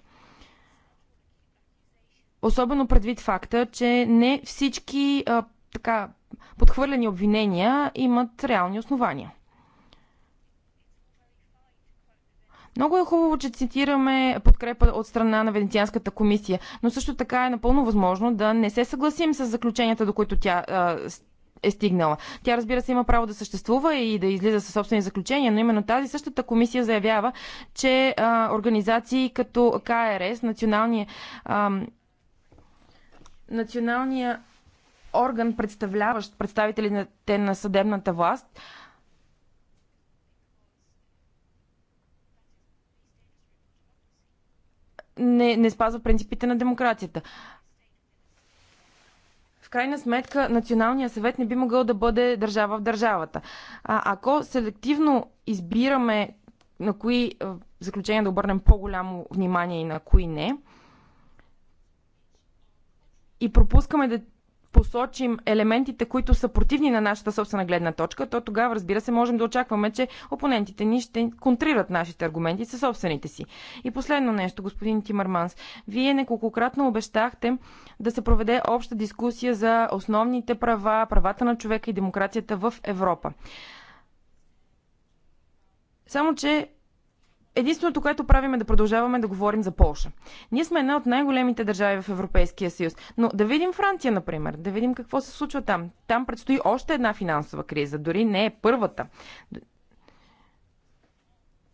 Особено предвид факта, че не всички а, така подхвърлени обвинения имат реални основания. Много е хубаво, че цитираме подкрепа от страна на Венецианската комисия, но също така е напълно възможно да не се съгласим с заключенията, до които тя е стигнала. Тя, разбира се, има право да съществува и да излиза със собствени заключения, но именно тази същата комисия заявява, че а, организации като КРС, националния, а, националния орган, представляващ представителите на съдебната власт, не, не спазва принципите на демокрацията. В крайна сметка, Националният съвет не би могъл да бъде държава в държавата. А, ако селективно избираме на кои е, заключения да обърнем по-голямо внимание и на кои не, и пропускаме да посочим елементите, които са противни на нашата собствена гледна точка, то тогава, разбира се, можем да очакваме, че опонентите ни ще контрират нашите аргументи със собствените си. И последно нещо, господин Тимърманс. Вие неколкократно обещахте да се проведе обща дискусия за основните права, правата на човека и демокрацията в Европа. Само, че единственото, което правим е да продължаваме да говорим за Полша. Ние сме една от най-големите държави в Европейския съюз. Но да видим Франция, например, да видим какво се случва там. Там предстои още една финансова криза, дори не е първата.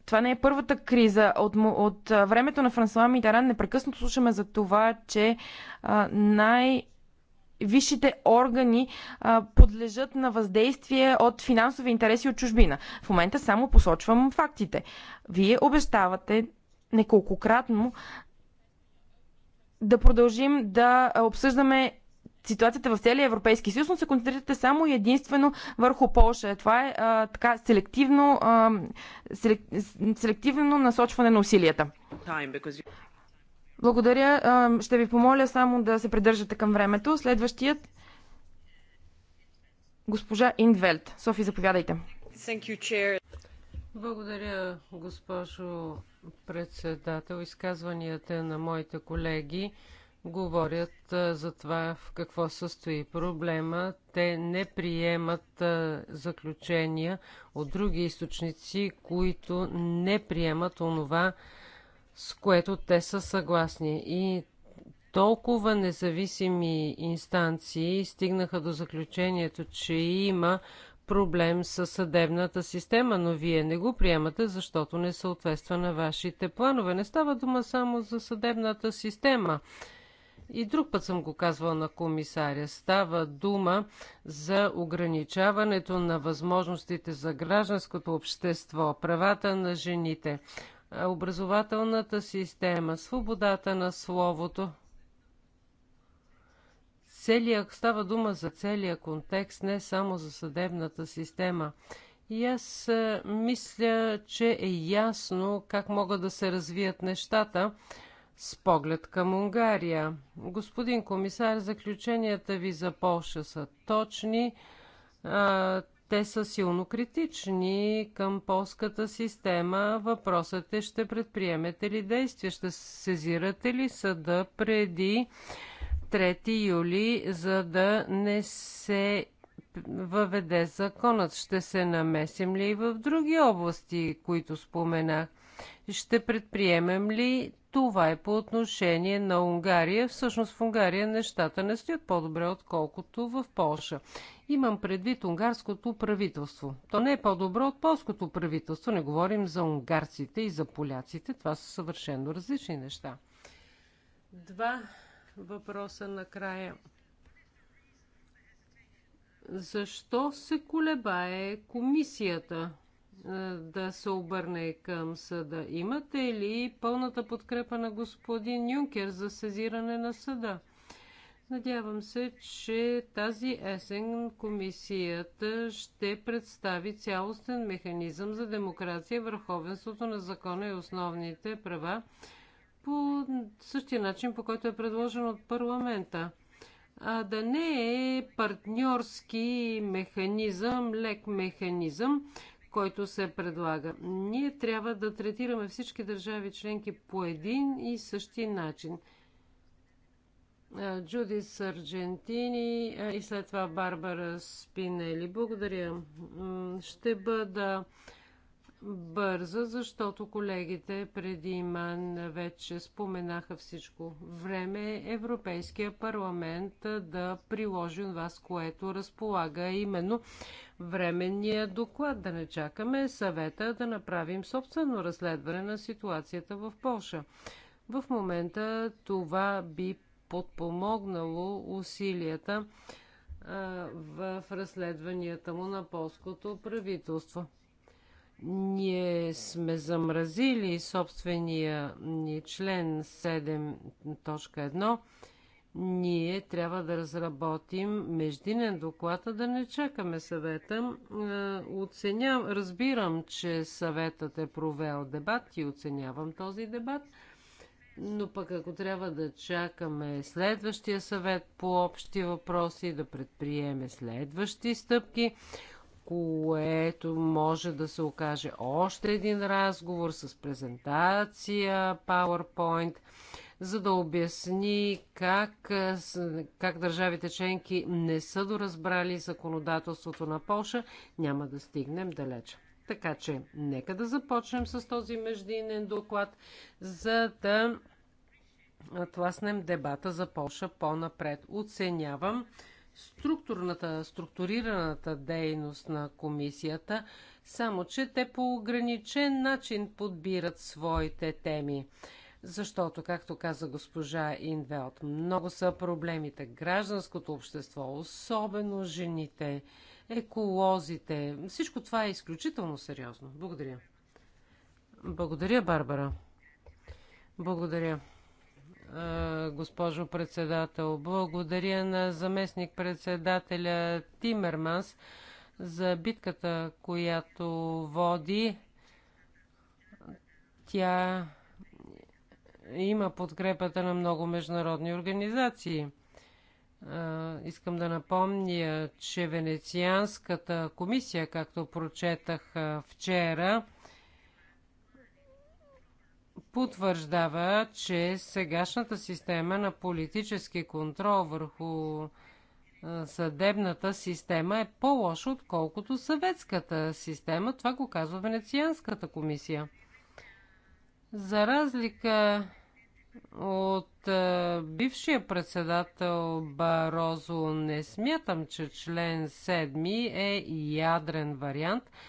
Това не е първата криза. От, от времето на Франсуа Митаран непрекъснато слушаме за това, че най- висшите органи а, подлежат на въздействие от финансови интереси от чужбина. В момента само посочвам фактите. Вие обещавате неколкократно да продължим да обсъждаме ситуацията в целия Европейски съюз, но се концентрирате само и единствено върху Польша. Това е а, така селективно, а, селек, селективно насочване на усилията. Благодаря. Ще ви помоля само да се придържате към времето. Следващият госпожа Индвелт. Софи, заповядайте. Благодаря, госпожо председател. Изказванията на моите колеги говорят за това в какво състои проблема. Те не приемат заключения от други източници, които не приемат онова, с което те са съгласни. И толкова независими инстанции стигнаха до заключението, че има проблем с съдебната система, но вие не го приемате, защото не съответства на вашите планове. Не става дума само за съдебната система. И друг път съм го казвал на комисаря. Става дума за ограничаването на възможностите за гражданското общество, правата на жените, образователната система, свободата на словото. Целия, става дума за целия контекст, не само за съдебната система. И аз е, мисля, че е ясно как могат да се развият нещата с поглед към Унгария. Господин комисар, заключенията ви за Полша са точни. Те са силно критични към полската система. Въпросът е, ще предприемете ли действия? Ще сезирате ли съда преди 3 юли, за да не се въведе законът? Ще се намесим ли и в други области, които споменах? Ще предприемем ли това е по отношение на Унгария. Всъщност в Унгария нещата не стоят по-добре, отколкото в Польша. Имам предвид унгарското правителство. То не е по-добро от полското правителство. Не говорим за унгарците и за поляците. Това са съвършено различни неща. Два въпроса накрая. Защо се колебае комисията? да се обърне към съда. Имате ли пълната подкрепа на господин Юнкер за сезиране на съда? Надявам се, че тази есен комисията ще представи цялостен механизъм за демокрация, върховенството на закона и основните права по същия начин, по който е предложен от парламента. А да не е партньорски механизъм, лек механизъм, който се предлага. Ние трябва да третираме всички държави членки по един и същи начин. Джудис Аргентини и след това Барбара Спинели. Благодаря. Ще бъда бърза, защото колегите преди мен вече споменаха всичко. Време е Европейския парламент да приложи вас, което разполага, именно временния доклад. Да не чакаме съвета да направим собствено разследване на ситуацията в Польша. В момента това би подпомогнало усилията в разследванията му на полското правителство. Ние сме замразили собствения ни член 7.1. Ние трябва да разработим междинен доклад, а да не чакаме съвета. Е, оценям, разбирам, че съветът е провел дебат и оценявам този дебат. Но пък ако трябва да чакаме следващия съвет по общи въпроси, да предприеме следващи стъпки, което може да се окаже още един разговор с презентация, PowerPoint, за да обясни как, как държавите членки не са доразбрали законодателството на Польша, няма да стигнем далеч. Така че, нека да започнем с този междинен доклад, за да тласнем дебата за Польша по-напред. Оценявам структурната, структурираната дейност на комисията, само че те по ограничен начин подбират своите теми. Защото, както каза госпожа Инвелт, много са проблемите. Гражданското общество, особено жените, еколозите, всичко това е изключително сериозно. Благодаря. Благодаря, Барбара. Благодаря. Е, госпожо председател. Благодаря на заместник председателя Тимерманс за битката, която води. Тя има подкрепата на много международни организации. Е, искам да напомня, че Венецианската комисия, както прочетах е, вчера, потвърждава, че сегашната система на политически контрол върху съдебната система е по-лоша, отколкото съветската система. Това го казва Венецианската комисия. За разлика от бившия председател Барозо не смятам, че член 7 е ядрен вариант –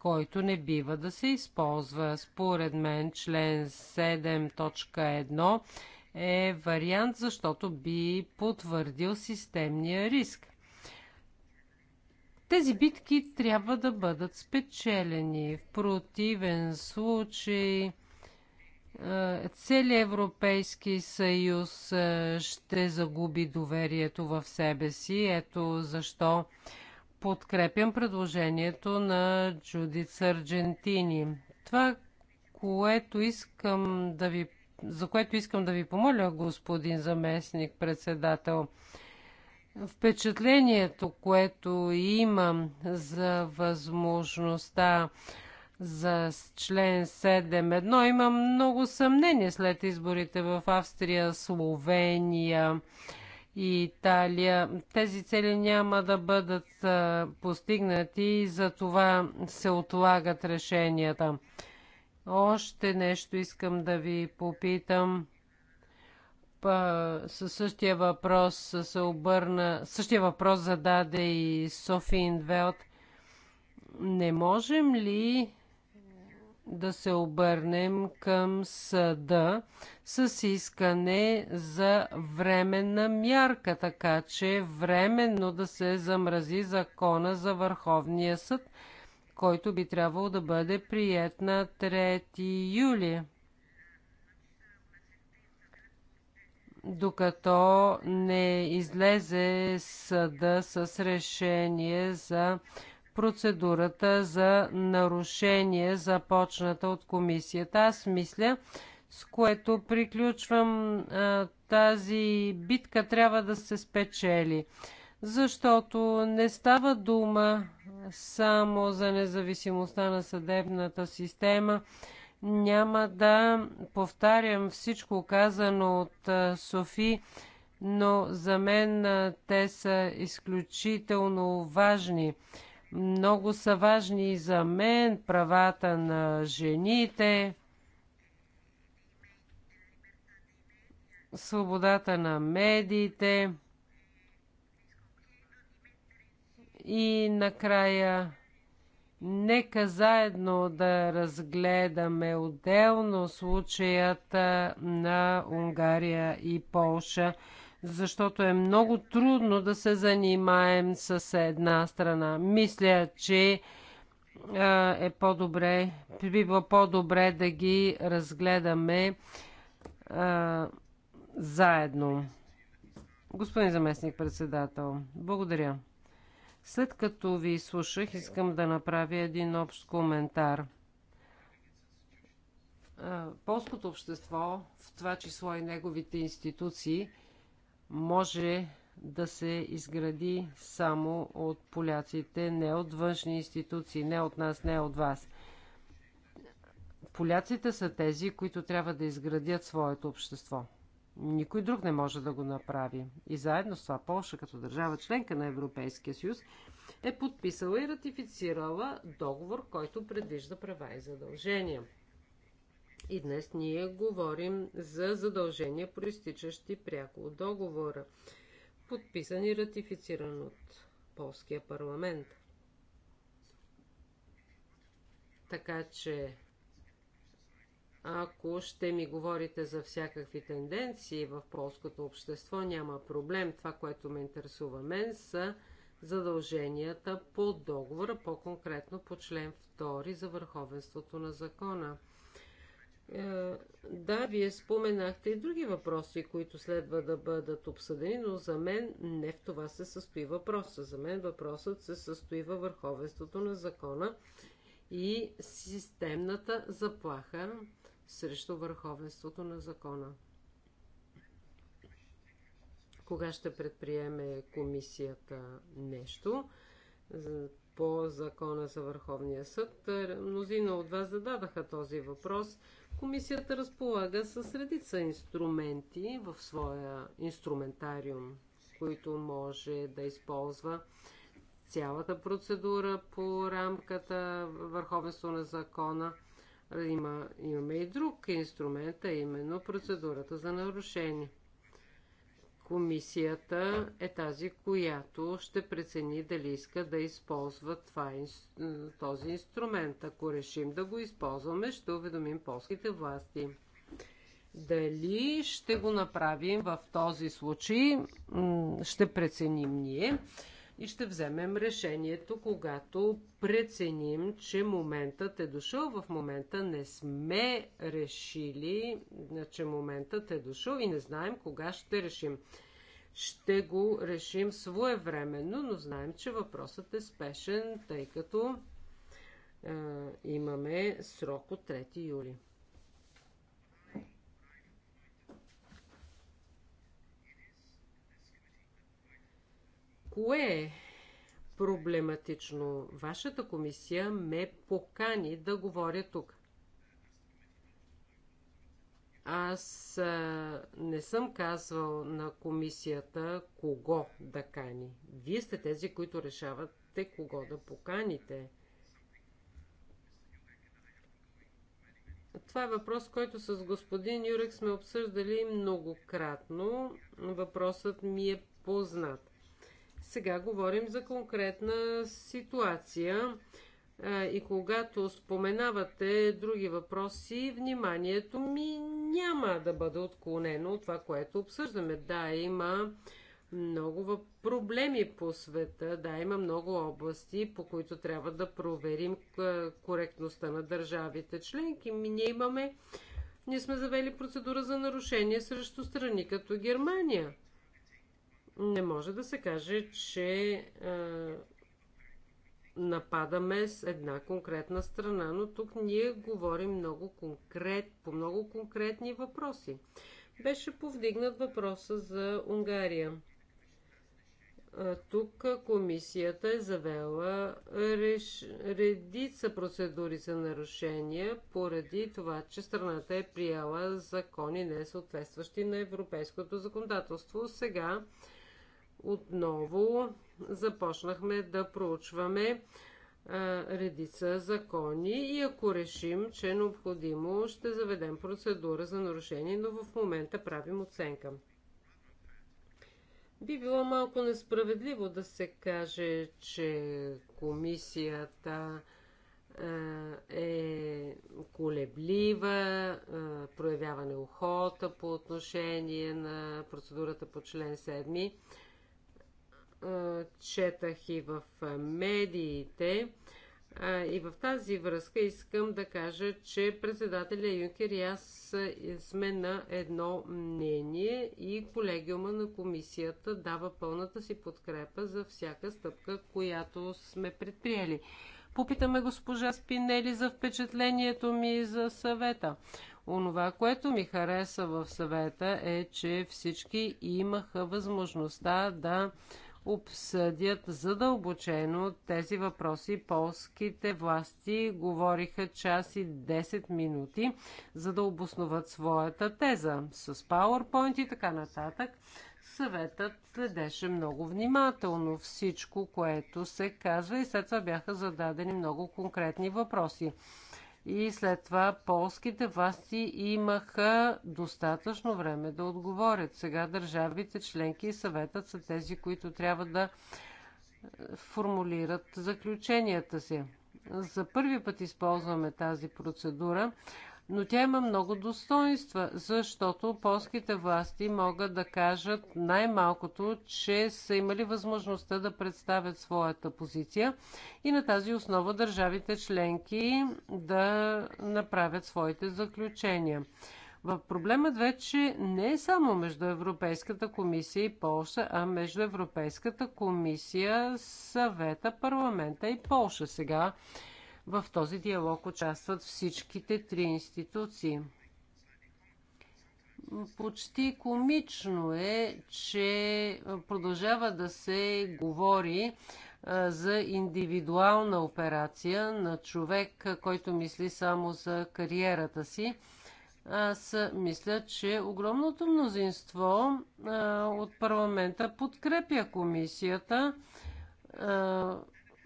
който не бива да се използва. Според мен член 7.1 е вариант, защото би потвърдил системния риск. Тези битки трябва да бъдат спечелени. В противен случай е, целият Европейски съюз е, ще загуби доверието в себе си. Ето защо Подкрепям предложението на Джудит Сарджентини. Това, което искам да ви, за което искам да ви помоля, господин заместник председател, впечатлението, което имам за възможността за член 7.1, имам много съмнение след изборите в Австрия, Словения, и Италия. Тези цели няма да бъдат постигнати и за това се отлагат решенията. Още нещо искам да ви попитам. Със същия въпрос се обърна, същия въпрос зададе и Софи Велт. Не можем ли да се обърнем към съда с искане за временна мярка, така че временно да се замрази закона за Върховния съд, който би трябвало да бъде прият на 3 юли. Докато не излезе съда с решение за процедурата за нарушение, започната от комисията. Аз мисля, с което приключвам тази битка трябва да се спечели. Защото не става дума само за независимостта на съдебната система. Няма да повтарям всичко казано от Софи, но за мен те са изключително важни. Много са важни за мен правата на жените, свободата на медиите и накрая Нека заедно да разгледаме отделно случаята на Унгария и Полша защото е много трудно да се занимаем с една страна. Мисля, че е по-добре, би било по-добре да ги разгледаме а, заедно. Господин заместник председател, благодаря. След като ви слушах, искам да направя един общ коментар. Полското общество, в това число и неговите институции, може да се изгради само от поляците, не от външни институции, не от нас, не от вас. Поляците са тези, които трябва да изградят своето общество. Никой друг не може да го направи. И заедно с това Полша, като държава членка на Европейския съюз, е подписала и ратифицирала договор, който предвижда права и задължения – и днес ние говорим за задължения, проистичащи пряко от договора, подписан и ратифициран от полския парламент. Така че, ако ще ми говорите за всякакви тенденции в полското общество, няма проблем. Това, което ме интересува мен, са задълженията по договора, по-конкретно по член 2 за върховенството на закона. Е, да, вие споменахте и други въпроси, които следва да бъдат обсъдени, но за мен не в това се състои въпроса. За мен въпросът се състои във върховенството на закона и системната заплаха срещу върховенството на закона. Кога ще предприеме комисията нещо? по закона за Върховния съд. Е, мнозина от вас зададаха този въпрос. Комисията разполага с редица инструменти в своя инструментариум, които може да използва цялата процедура по рамката върховенство на закона. Има, имаме и друг инструмент, а именно процедурата за нарушение. Комисията е тази, която ще прецени дали иска да използва това, този инструмент. Ако решим да го използваме, ще уведомим полските власти. Дали ще го направим в този случай, ще преценим ние и ще вземем решението, когато преценим, че моментът е дошъл. В момента не сме решили, че моментът е дошъл и не знаем кога ще решим. Ще го решим своевременно, но знаем, че въпросът е спешен, тъй като е, имаме срок от 3 юли. Кое е проблематично? Вашата комисия ме покани да говоря тук. Аз а, не съм казвал на комисията кого да кани. Вие сте тези, които решавате кого да поканите. Това е въпрос, който с господин Юрек сме обсъждали многократно. Въпросът ми е познат. Сега говорим за конкретна ситуация. И когато споменавате други въпроси, вниманието ми няма да бъде отклонено от това, което обсъждаме. Да, има много проблеми по света, да, има много области, по които трябва да проверим коректността на държавите членки. Ние имаме, ние сме завели процедура за нарушение срещу страни като Германия не може да се каже, че е, нападаме с една конкретна страна, но тук ние говорим много конкрет, по много конкретни въпроси. Беше повдигнат въпроса за Унгария. Тук комисията е завела реш... редица процедури за нарушения поради това, че страната е приела закони не съответстващи на европейското законодателство. Сега отново започнахме да проучваме редица закони и ако решим, че е необходимо, ще заведем процедура за нарушение, но в момента правим оценка. Би било малко несправедливо да се каже, че комисията е колеблива, проявява неохота по отношение на процедурата по член 7 четах и в медиите. И в тази връзка искам да кажа, че председателя Юнкер и аз сме на едно мнение и колегиума на комисията дава пълната си подкрепа за всяка стъпка, която сме предприели. Попитаме госпожа Спинели за впечатлението ми за съвета. Онова, което ми хареса в съвета е, че всички имаха възможността да обсъдят задълбочено тези въпроси. Полските власти говориха час и 10 минути, за да обосноват своята теза с PowerPoint и така нататък. Съветът следеше много внимателно всичко, което се казва и след това бяха зададени много конкретни въпроси. И след това полските власти имаха достатъчно време да отговорят. Сега държавите членки и съветът са тези, които трябва да формулират заключенията си. За първи път използваме тази процедура но тя има много достоинства, защото полските власти могат да кажат най-малкото, че са имали възможността да представят своята позиция и на тази основа държавите членки да направят своите заключения. В проблемът вече не е само между Европейската комисия и Полша, а между Европейската комисия, съвета, парламента и Полша сега в този диалог участват всичките три институции. Почти комично е, че продължава да се говори за индивидуална операция на човек, който мисли само за кариерата си. Аз мисля, че огромното мнозинство от парламента подкрепя комисията.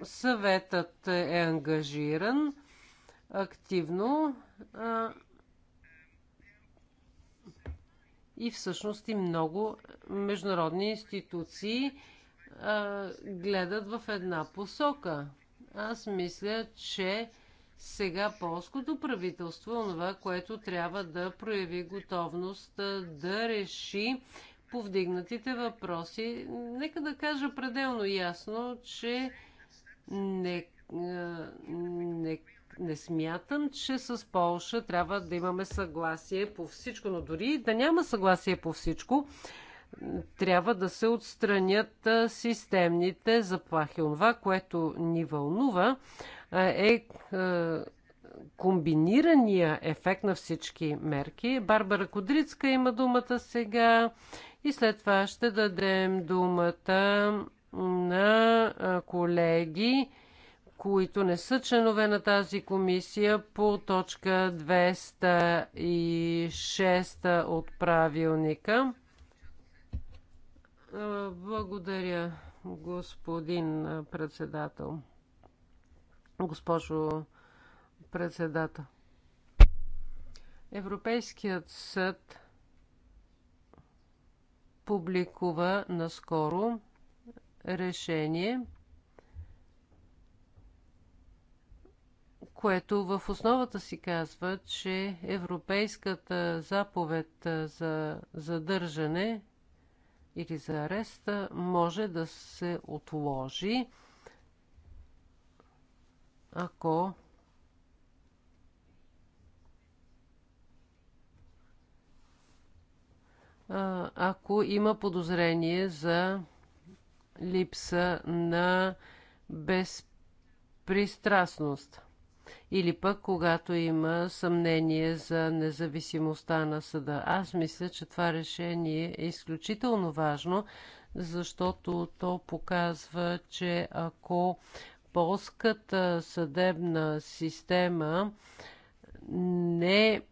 Съветът е ангажиран активно а, и всъщност и много международни институции а, гледат в една посока. Аз мисля, че сега полското правителство е това, което трябва да прояви готовност да реши повдигнатите въпроси. Нека да кажа пределно ясно, че не, не, не смятам, че с Полша трябва да имаме съгласие по всичко, но дори да няма съгласие по всичко, трябва да се отстранят системните заплахи. Това, което ни вълнува, е комбинирания ефект на всички мерки. Барбара Кодрицка има думата сега и след това ще дадем думата на колеги, които не са членове на тази комисия по точка 206 от правилника. Благодаря, господин председател. Госпожо председател. Европейският съд публикува наскоро решение, което в основата си казва, че Европейската заповед за задържане или за ареста може да се отложи, ако ако има подозрение за липса на безпристрастност. Или пък, когато има съмнение за независимостта на съда. Аз мисля, че това решение е изключително важно, защото то показва, че ако полската съдебна система не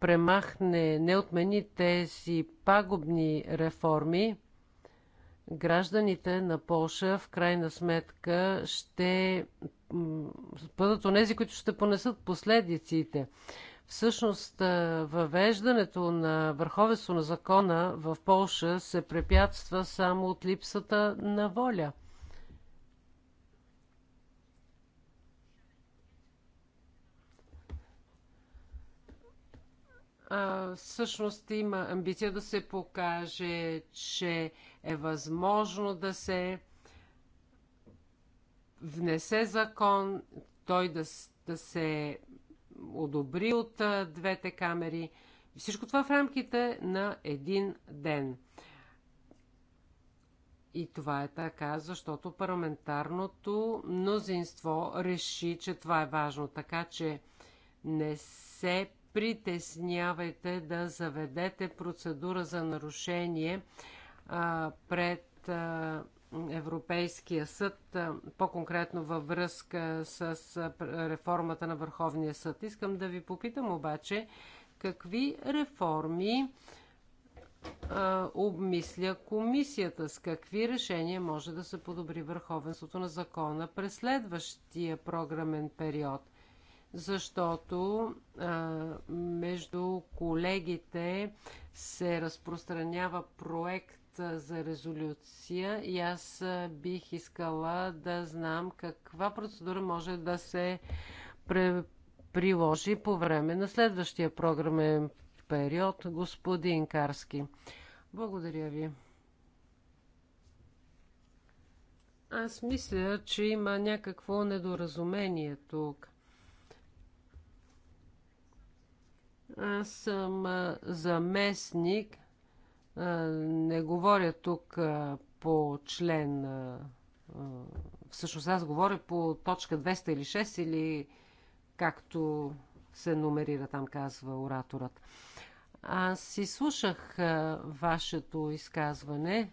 премахне, не отмени тези пагубни реформи, гражданите на Полша в крайна сметка ще бъдат онези, които ще понесат последиците. Всъщност, въвеждането на върховенство на закона в Полша се препятства само от липсата на воля. А, всъщност има амбиция да се покаже, че е възможно да се внесе закон, той да, да се одобри от двете камери. Всичко това в рамките на един ден. И това е така, защото парламентарното мнозинство реши, че това е важно. Така че не се притеснявайте да заведете процедура за нарушение пред Европейския съд, по-конкретно във връзка с реформата на Върховния съд. Искам да ви попитам обаче какви реформи обмисля комисията, с какви решения може да се подобри върховенството на закона през следващия програмен период. Защото а, между колегите се разпространява проект за резолюция и аз бих искала да знам каква процедура може да се приложи по време на следващия програмен период, господин Карски. Благодаря ви. Аз мисля, че има някакво недоразумение тук. Аз съм заместник не говоря тук по член. Всъщност аз говоря по точка 200 или 6 или както се номерира там, казва ораторът. Аз си слушах вашето изказване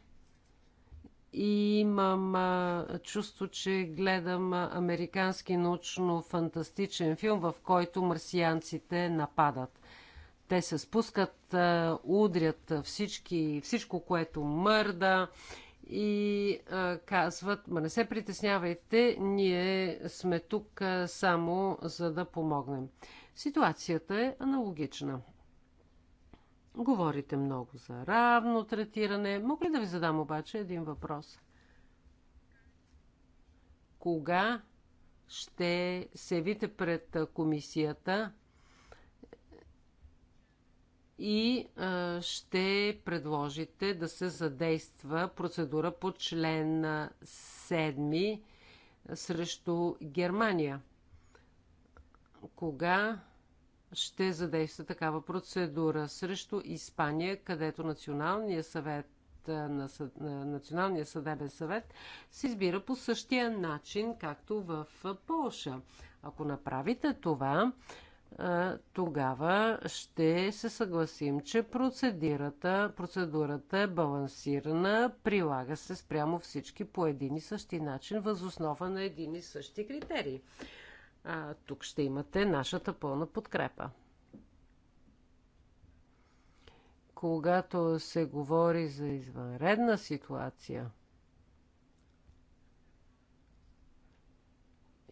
и имам а, чувство, че гледам американски научно-фантастичен филм, в който марсианците нападат. Те се спускат, е, удрят всички, всичко, което мърда и а, е, казват, ма не се притеснявайте, ние сме тук а, е, само за да помогнем. Ситуацията е аналогична. Говорите много за равно третиране. Мога ли да ви задам обаче един въпрос? Кога ще се явите пред комисията и а, ще предложите да се задейства процедура по член 7 срещу Германия. Кога ще задейства такава процедура срещу Испания, където Националния съвет на, Националния съдебен съвет се избира по същия начин, както в Полша. Ако направите това, тогава ще се съгласим, че процедурата, процедурата е балансирана, прилага се спрямо всички по един и същи начин, възоснова на един и същи критерии. А, тук ще имате нашата пълна подкрепа. Когато се говори за извънредна ситуация,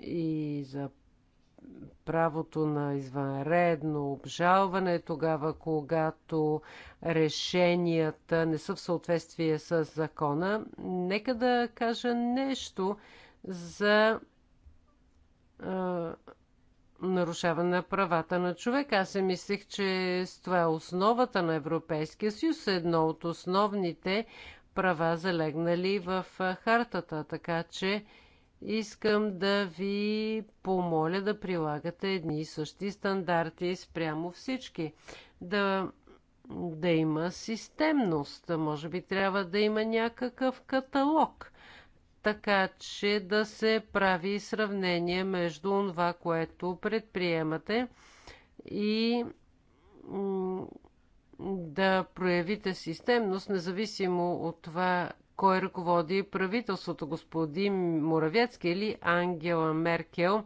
и за правото на извънредно обжалване, тогава когато решенията не са в съответствие с закона. Нека да кажа нещо за а, нарушаване на правата на човека. Аз се мислех, че това е основата на Европейския съюз, едно от основните права залегнали в хартата, така че Искам да ви помоля да прилагате едни и същи стандарти спрямо всички. Да, да има системност. Може би трябва да има някакъв каталог – така че да се прави сравнение между това, което предприемате и да проявите системност, независимо от това кой ръководи правителството, господин Моравецки или Ангела Меркел.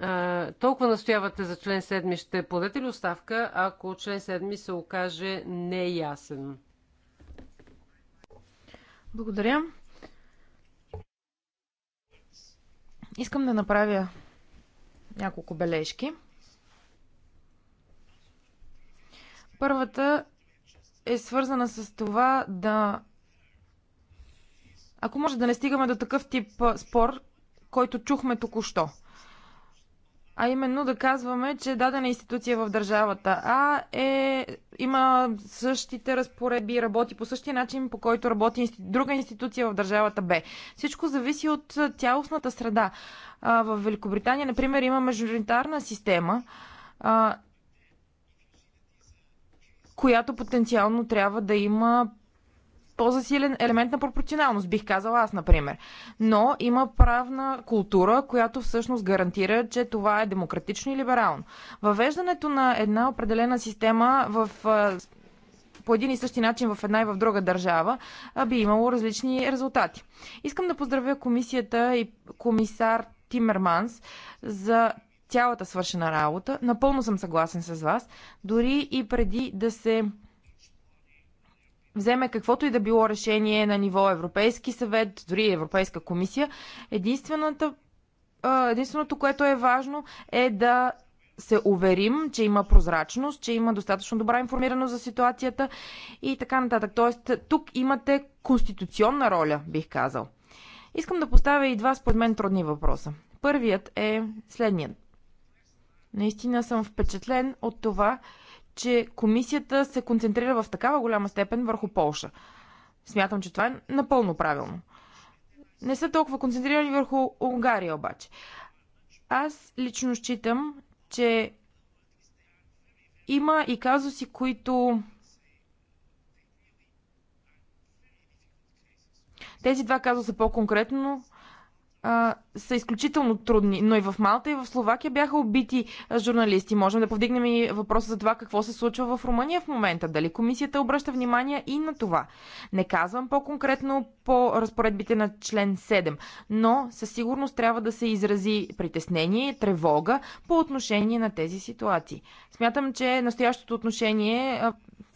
А, толкова настоявате за член 7, ще подете ли оставка, ако член 7 се окаже неясен? Благодаря. Искам да направя няколко бележки. Първата е свързана с това да ако може да не стигаме до такъв тип спор, който чухме току-що. А именно да казваме, че дадена институция в държавата А е, има същите разпоредби, работи по същия начин, по който работи друга институция в държавата Б. Всичко зависи от цялостната среда. А, в Великобритания, например, има мажоритарна система, а, която потенциално трябва да има по-засилен елемент на пропорционалност, бих казала аз, например. Но има правна култура, която всъщност гарантира, че това е демократично и либерално. Въвеждането на една определена система в по един и същи начин в една и в друга държава, би имало различни резултати. Искам да поздравя комисията и комисар Тимерманс за цялата свършена работа. Напълно съм съгласен с вас. Дори и преди да се вземе каквото и да било решение на ниво Европейски съвет, дори Европейска комисия, единствената, единственото, което е важно е да се уверим, че има прозрачност, че има достатъчно добра информираност за ситуацията и така нататък. Тоест, тук имате конституционна роля, бих казал. Искам да поставя и два, според мен, трудни въпроса. Първият е следният. Наистина съм впечатлен от това, че комисията се концентрира в такава голяма степен върху Полша. Смятам, че това е напълно правилно. Не са толкова концентрирани върху Унгария обаче. Аз лично считам, че има и казуси, които Тези два казуса по-конкретно а, са изключително трудни. Но и в Малта и в Словакия бяха убити журналисти. Можем да повдигнем и въпроса за това какво се случва в Румъния в момента. Дали комисията обръща внимание и на това. Не казвам по-конкретно по разпоредбите на член 7, но със сигурност трябва да се изрази притеснение, тревога по отношение на тези ситуации. Смятам, че настоящото отношение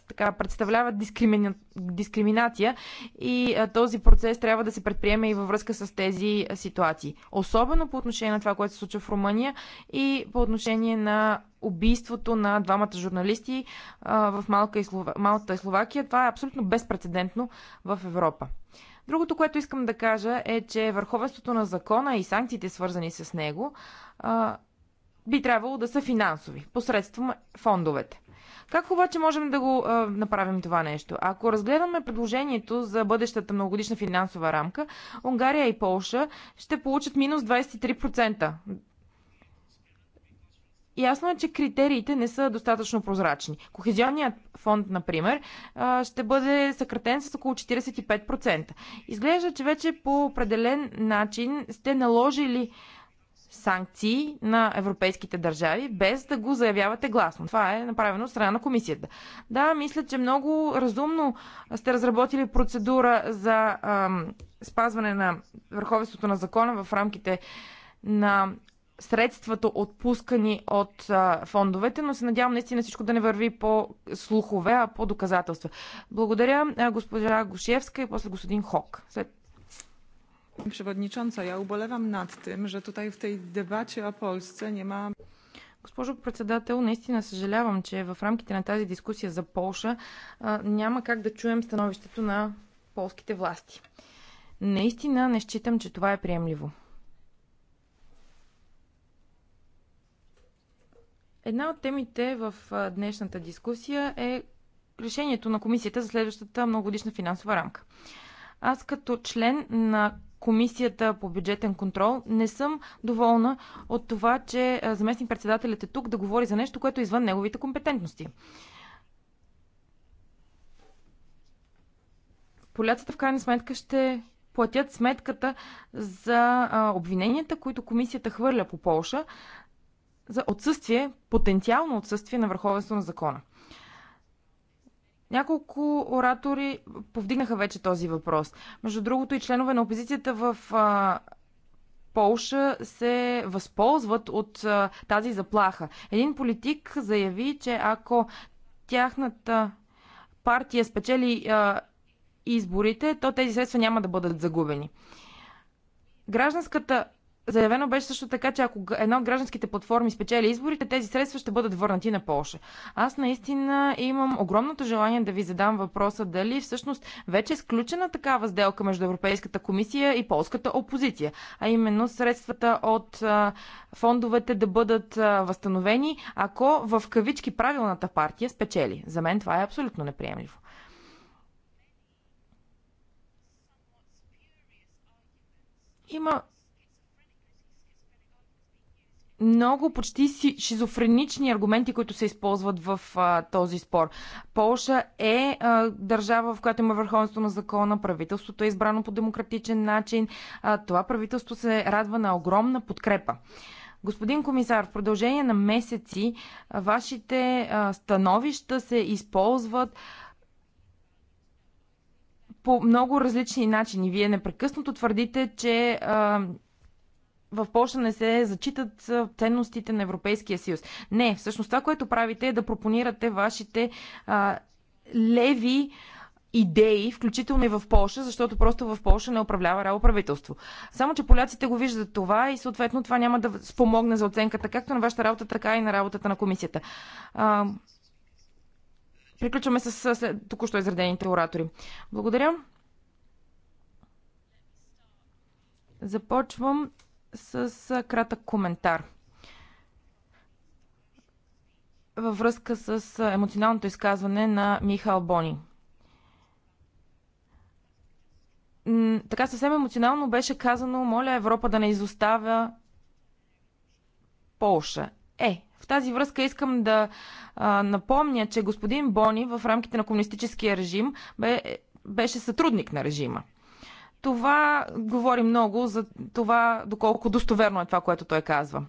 така, представляват дискримина... дискриминация и а, този процес трябва да се предприеме и във връзка с тези ситуации. Особено по отношение на това, което се случва в Румъния и по отношение на убийството на двамата журналисти а, в Малка и Слова... Малта и Словакия. Това е абсолютно безпредседентно в Европа. Другото, което искам да кажа е, че върховенството на закона и санкциите, свързани с него, а, би трябвало да са финансови, посредством фондовете. Как обаче можем да го а, направим това нещо? Ако разгледаме предложението за бъдещата многогодишна финансова рамка, Унгария и Полша ще получат минус 23%. Ясно е, че критериите не са достатъчно прозрачни. Кохезионният фонд, например, ще бъде съкратен с около 45%. Изглежда, че вече по определен начин сте наложили санкции на европейските държави, без да го заявявате гласно. Това е направено от страна на комисията. Да, мисля, че много разумно сте разработили процедура за ам, спазване на върховенството на закона в рамките на средствата отпускани от а, фондовете, но се надявам наистина всичко да не върви по слухове, а по доказателства. Благодаря а, госпожа Гошевска и после господин Хок. След Przewodnicząca, ja ubolewam nad tym, że tutaj w tej debacie o Polsce nie ma... Госпожо председател, наистина съжалявам, че в рамките на тази дискусия за Полша няма как да чуем становището на полските власти. Наистина не считам, че това е приемливо. Една от темите в днешната дискусия е решението на комисията за следващата многогодишна финансова рамка. Аз като член на Комисията по бюджетен контрол. Не съм доволна от това, че заместник председателят е тук да говори за нещо, което е извън неговите компетентности. Поляците в крайна сметка ще платят сметката за обвиненията, които комисията хвърля по Полша за отсъствие, потенциално отсъствие на върховенство на закона. Няколко оратори повдигнаха вече този въпрос. Между другото и членове на опозицията в а, Полша се възползват от а, тази заплаха. Един политик заяви, че ако тяхната партия спечели а, изборите, то тези средства няма да бъдат загубени. Гражданската Заявено беше също така, че ако една от гражданските платформи спечели изборите, тези средства ще бъдат върнати на Польша. Аз наистина имам огромното желание да ви задам въпроса дали всъщност вече е сключена такава сделка между Европейската комисия и полската опозиция, а именно средствата от фондовете да бъдат възстановени, ако в кавички правилната партия спечели. За мен това е абсолютно неприемливо. Има много почти шизофренични аргументи, които се използват в а, този спор. Полша е а, държава, в която има върховенство на закона, правителството е избрано по демократичен начин, а, това правителство се радва на огромна подкрепа. Господин комисар, в продължение на месеци а, вашите а, становища се използват по много различни начини. Вие непрекъснато твърдите, че а, в Польша не се зачитат ценностите на Европейския съюз. Не, всъщност това, което правите е да пропонирате вашите а, леви идеи, включително и в Польша, защото просто в Польша не управлява реал правителство. Само, че поляците го виждат това и съответно това няма да спомогне за оценката както на вашата работа, така и на работата на комисията. А, приключваме с, с току-що изредените оратори. Благодаря. Започвам с кратък коментар във връзка с емоционалното изказване на Михал Бони. Така съвсем емоционално беше казано, моля Европа да не изоставя Полша. Е, в тази връзка искам да а, напомня, че господин Бони в рамките на комунистическия режим бе, беше сътрудник на режима това говори много за това, доколко достоверно е това, което той казва.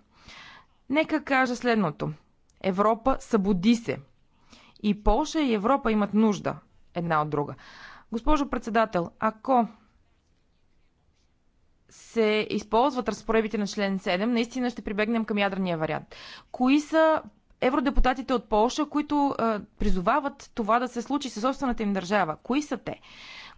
Нека кажа следното. Европа събуди се. И Полша и Европа имат нужда една от друга. Госпожо председател, ако се използват разпоредбите на член 7, наистина ще прибегнем към ядрения вариант. Кои са евродепутатите от Полша, които е, призовават това да се случи със собствената им държава? Кои са те?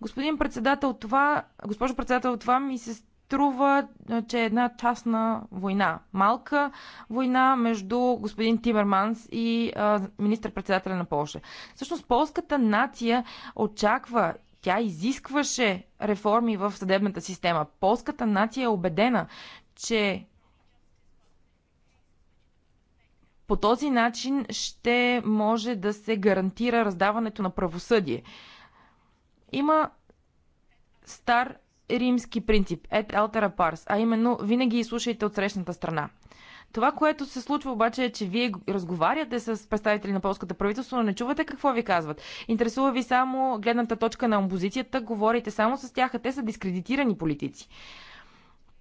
Господин председател, това, госпожо председател, това ми се струва, е, че е една частна война. Малка война между господин Тимерманс и министър-председателя на Польша. Всъщност, полската нация очаква тя изискваше реформи в съдебната система. Полската нация е убедена, че по този начин ще може да се гарантира раздаването на правосъдие. Има стар римски принцип – et altera pars, а именно винаги изслушайте от срещната страна. Това, което се случва обаче е, че вие разговаряте с представители на полската правителство, но не чувате какво ви казват. Интересува ви само гледната точка на опозицията, говорите само с тях, а те са дискредитирани политици.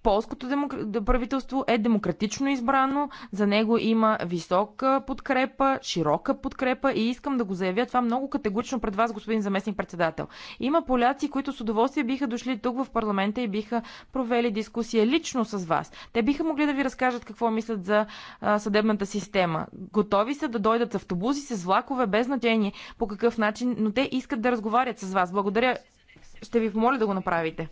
Полското демокра... правителство е демократично избрано, за него има висока подкрепа, широка подкрепа и искам да го заявя това много категорично пред вас, господин заместник председател. Има поляци, които с удоволствие биха дошли тук в парламента и биха провели дискусия лично с вас. Те биха могли да ви разкажат какво мислят за а, съдебната система. Готови са да дойдат с автобуси, с влакове, без значение по какъв начин, но те искат да разговарят с вас. Благодаря. Ще ви помоля да го направите.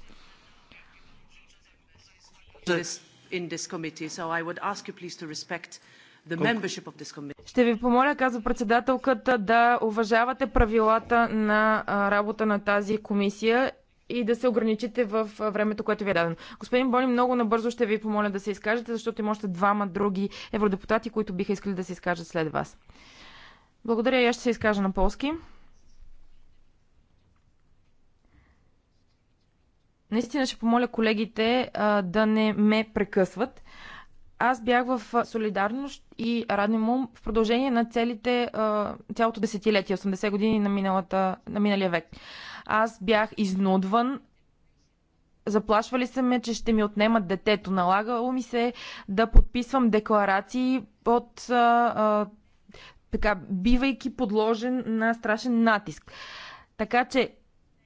Ще ви помоля, казва председателката, да уважавате правилата на работа на тази комисия и да се ограничите в времето, което ви е дадено. Господин Бони, много набързо ще ви помоля да се изкажете, защото има още двама други евродепутати, които биха искали да се изкажат след вас. Благодаря и аз ще се изкажа на полски. Наистина ще помоля колегите а, да не ме прекъсват. Аз бях в Солидарност и Радимо в продължение на целите, а, цялото десетилетие, 80 години на, миналата, на миналия век. Аз бях изнудван заплашвали се ме, че ще ми отнемат детето. Налагало ми се да подписвам декларации от а, а, така, бивайки подложен на страшен натиск. Така че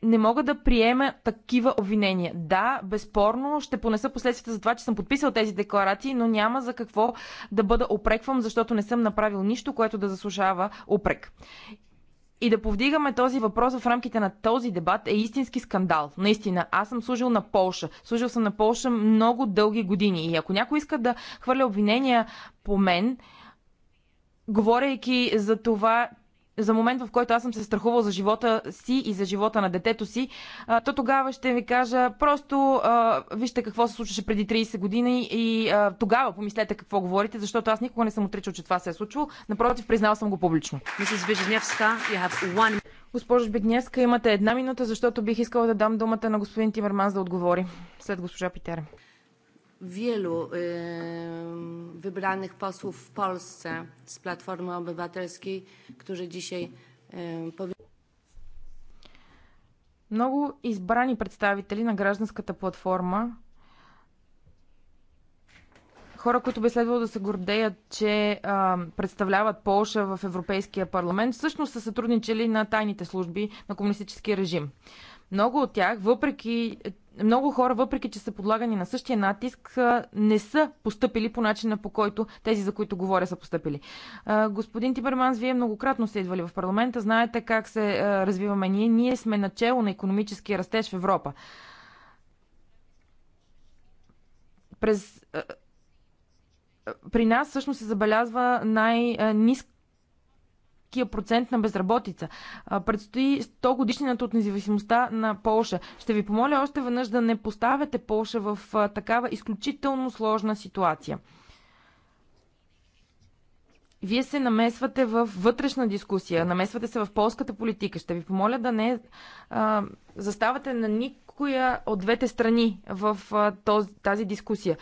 не мога да приема такива обвинения. Да, безспорно ще понеса последствията за това, че съм подписал тези декларации, но няма за какво да бъда опреквам, защото не съм направил нищо, което да заслужава опрек. И да повдигаме този въпрос в рамките на този дебат е истински скандал. Наистина, аз съм служил на Полша. Служил съм на Полша много дълги години. И ако някой иска да хвърля обвинения по мен, говорейки за това, за момент, в който аз съм се страхувал за живота си и за живота на детето си, то тогава ще ви кажа, просто а, вижте какво се случваше преди 30 години и а, тогава помислете какво говорите, защото аз никога не съм отричал, че това се е случило. Напротив, признал съм го публично. Госпожо Бегневска, имате една минута, защото бих искала да дам думата на господин Тимерман за да отговори след госпожа Питера wielu wybranych posłów w Polsce z Platformy Obywatelskiej, którzy dzisiaj Много избрани представители на гражданската платформа, хора, които би следвало да се гордеят, че а, представляват Полша в Европейския парламент, всъщност са сътрудничали на тайните служби на комунистическия режим. Много от тях, въпреки много хора, въпреки че са подлагани на същия натиск, не са поступили по начина по който тези, за които говоря, са поступили. Господин Тиберманс, вие многократно сте идвали в парламента, знаете как се развиваме ние. Ние сме начало на економическия растеж в Европа. През при нас всъщност се забелязва най низко високия процент на безработица. Предстои 100 годишнината от независимостта на Полша. Ще ви помоля още веднъж да не поставяте Полша в такава изключително сложна ситуация. Вие се намесвате в вътрешна дискусия, намесвате се в полската политика. Ще ви помоля да не а, заставате на никоя от двете страни в а, този, тази дискусия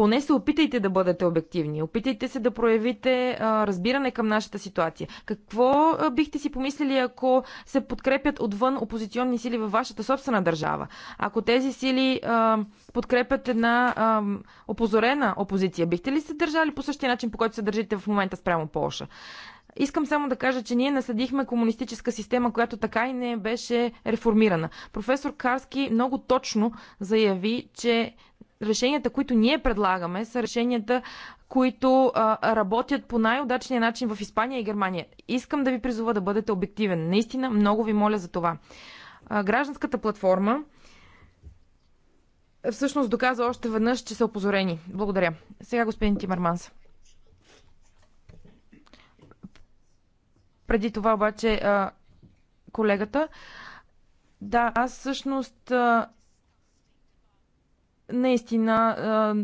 поне се опитайте да бъдете обективни. Опитайте се да проявите а, разбиране към нашата ситуация. Какво а, бихте си помислили, ако се подкрепят отвън опозиционни сили във вашата собствена държава? Ако тези сили а, подкрепят една а, опозорена опозиция, бихте ли се държали по същия начин, по който се държите в момента спрямо Полша? Искам само да кажа, че ние наследихме комунистическа система, която така и не беше реформирана. Професор Карски много точно заяви, че решенията, които ние предлагаме, са решенията, които а, работят по най-удачния начин в Испания и Германия. Искам да ви призова да бъдете обективен. Наистина, много ви моля за това. А, гражданската платформа всъщност доказва още веднъж, че са опозорени. Благодаря. Сега господин Тимарманс. Преди това обаче а, колегата. Да, аз всъщност а, наистина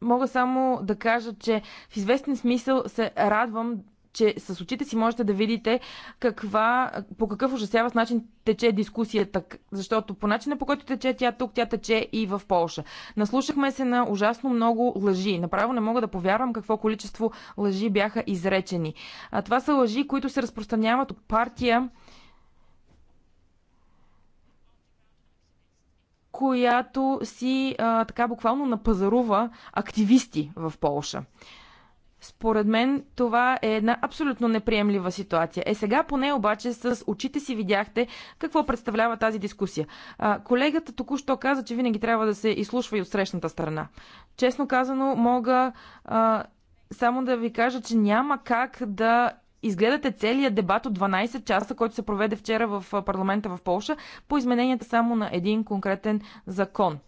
мога само да кажа, че в известен смисъл се радвам, че с очите си можете да видите каква, по какъв ужасяващ начин тече дискусията, защото по начина по който тече тя тук, тя тече и в Полша. Наслушахме се на ужасно много лъжи. Направо не мога да повярвам какво количество лъжи бяха изречени. А това са лъжи, които се разпространяват от партия, която си а, така буквално напазарува активисти в Полша. Според мен това е една абсолютно неприемлива ситуация. Е сега поне обаче с очите си видяхте какво представлява тази дискусия. А, колегата току-що каза, че винаги трябва да се изслушва и от срещната страна. Честно казано, мога а, само да ви кажа, че няма как да изгледате целият дебат от 12 часа, който се проведе вчера в парламента в Полша, по измененията само на един конкретен закон.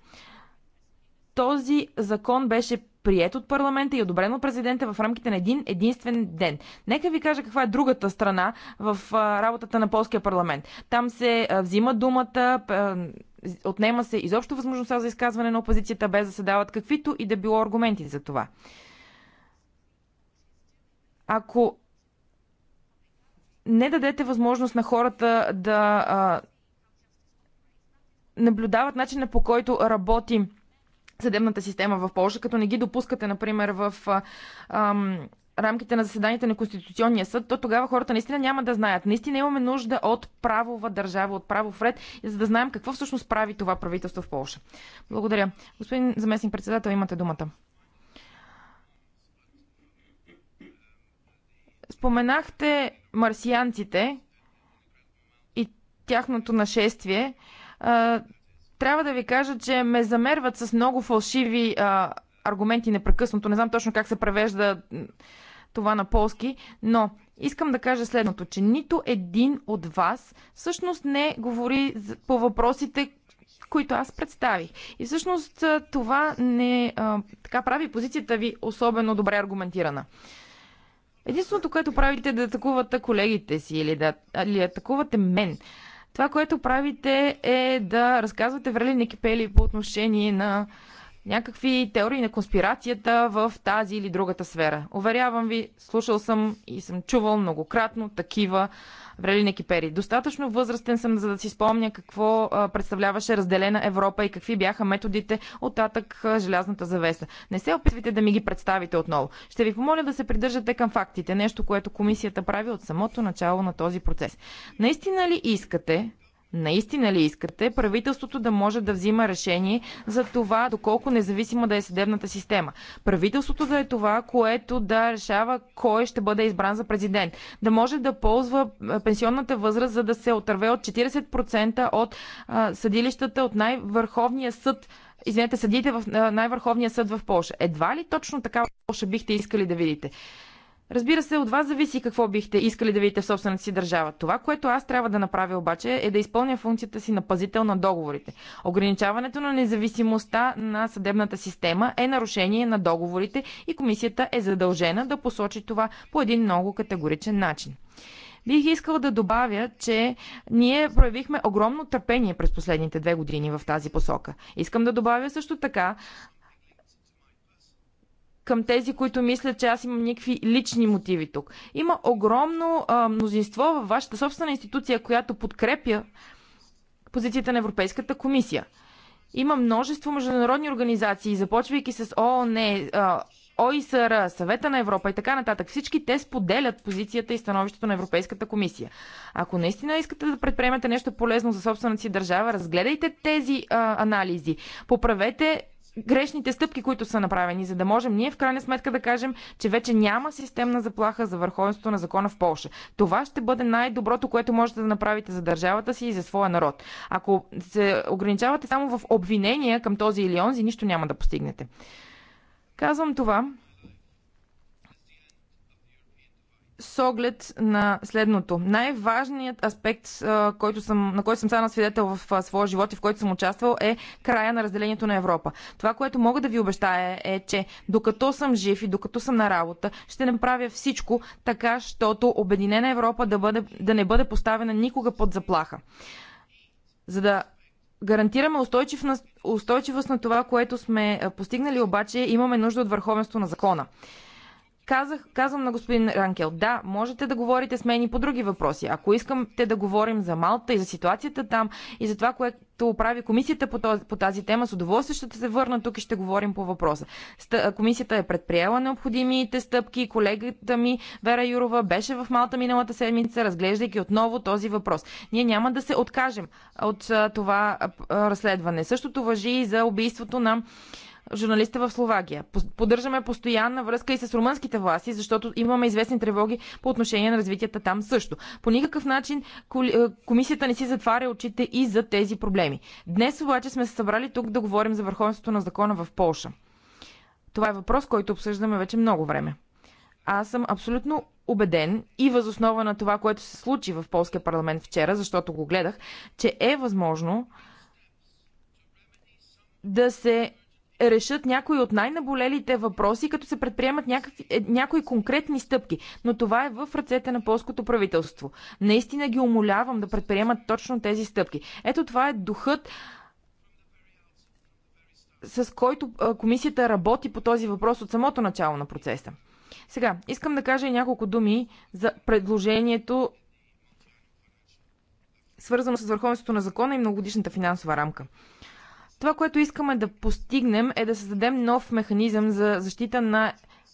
Този закон беше прият от парламента и одобрен от президента в рамките на един единствен ден. Нека ви кажа каква е другата страна в работата на полския парламент. Там се взима думата, отнема се изобщо възможността за изказване на опозицията, без да се дават каквито и да било аргументи за това. Ако не дадете възможност на хората да а, наблюдават начина по който работи съдебната система в Польша, като не ги допускате, например, в а, ам, рамките на заседанията на Конституционния съд, то тогава хората наистина няма да знаят. Наистина имаме нужда от правова държава, от правов ред, за да знаем какво всъщност прави това правителство в Польша. Благодаря. Господин заместник председател, имате думата. Споменахте марсианците и тяхното нашествие. Трябва да ви кажа, че ме замерват с много фалшиви аргументи непрекъснато. Не знам точно как се превежда това на полски, но искам да кажа следното, че нито един от вас всъщност не говори по въпросите, които аз представих. И всъщност това не а, така прави позицията ви особено добре аргументирана. Единственото, което правите е да атакувате колегите си или да или атакувате мен. Това, което правите е да разказвате врели некипели по отношение на някакви теории на конспирацията в тази или другата сфера. Уверявам ви, слушал съм и съм чувал многократно такива врели Кипери. Достатъчно възрастен съм, за да си спомня какво представляваше разделена Европа и какви бяха методите от татък желязната завеса. Не се опитвайте да ми ги представите отново. Ще ви помоля да се придържате към фактите, нещо, което комисията прави от самото начало на този процес. Наистина ли искате Наистина ли искате правителството да може да взима решение за това, доколко независима да е съдебната система? Правителството да е това, което да решава кой ще бъде избран за президент. Да може да ползва пенсионната възраст, за да се отърве от 40% от а, съдилищата, от най-върховния съд извинете, съдите в най-върховния съд в Польша. Едва ли точно така Польша бихте искали да видите? Разбира се, от вас зависи какво бихте искали да видите в собствената си държава. Това, което аз трябва да направя обаче е да изпълня функцията си на пазител на договорите. Ограничаването на независимостта на съдебната система е нарушение на договорите и комисията е задължена да посочи това по един много категоричен начин. Бих искал да добавя, че ние проявихме огромно търпение през последните две години в тази посока. Искам да добавя също така, към тези, които мислят, че аз имам някакви лични мотиви тук. Има огромно а, мнозинство във вашата собствена институция, която подкрепя позицията на Европейската комисия. Има множество международни организации, започвайки с ООН, ОИСР, Съвета на Европа и така нататък. Всички те споделят позицията и становището на Европейската комисия. Ако наистина искате да предприемете нещо полезно за собствената си държава, разгледайте тези а, анализи. Поправете грешните стъпки, които са направени, за да можем ние в крайна сметка да кажем, че вече няма системна заплаха за върховенството на закона в Польша. Това ще бъде най-доброто, което можете да направите за държавата си и за своя народ. Ако се ограничавате само в обвинения към този или онзи, нищо няма да постигнете. Казвам това, с оглед на следното. Най-важният аспект, който съм, на който съм станал свидетел в своя живот и в който съм участвал, е края на разделението на Европа. Това, което мога да ви обещая е, че докато съм жив и докато съм на работа, ще направя всичко така, щото Обединена Европа да, бъде, да не бъде поставена никога под заплаха. За да гарантираме устойчив на, устойчивост на това, което сме постигнали, обаче имаме нужда от върховенство на закона. Казах, казвам на господин Ранкел, да, можете да говорите с мен и по други въпроси. Ако искате да говорим за Малта и за ситуацията там и за това, което прави комисията по, този, по тази тема, с удоволствие ще се върна тук и ще говорим по въпроса. комисията е предприела необходимите стъпки. Колегата ми Вера Юрова беше в Малта миналата седмица, разглеждайки отново този въпрос. Ние няма да се откажем от това разследване. Същото въжи и за убийството на журналиста в Словакия. Поддържаме постоянна връзка и с румънските власти, защото имаме известни тревоги по отношение на развитията там също. По никакъв начин е, комисията не си затваря очите и за тези проблеми. Днес обаче сме се събрали тук да говорим за върховенството на закона в Полша. Това е въпрос, който обсъждаме вече много време. Аз съм абсолютно убеден и възоснова на това, което се случи в полския парламент вчера, защото го гледах, че е възможно да се решат някои от най-наболелите въпроси, като се предприемат някакви, е, някои конкретни стъпки. Но това е в ръцете на полското правителство. Наистина ги умолявам да предприемат точно тези стъпки. Ето това е духът с който комисията работи по този въпрос от самото начало на процеса. Сега, искам да кажа и няколко думи за предложението свързано с върховенството на закона и многогодишната финансова рамка. Това, което искаме да постигнем е да създадем нов механизъм за защита на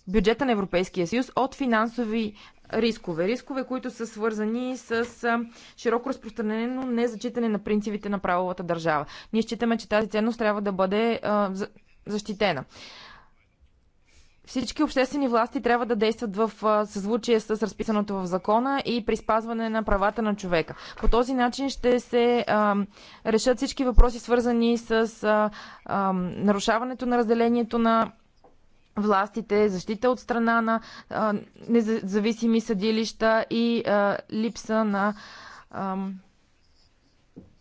бюджета на Европейския съюз от финансови рискове. Рискове, които са свързани с широко разпространено незачитане на принципите на правовата държава. Ние считаме, че тази ценност трябва да бъде защитена. Всички обществени власти трябва да действат в съзвучие с разписаното в закона и при спазване на правата на човека. По този начин ще се а, решат всички въпроси, свързани с а, а, нарушаването на разделението на властите, защита от страна на а, независими съдилища и а, липса на. А,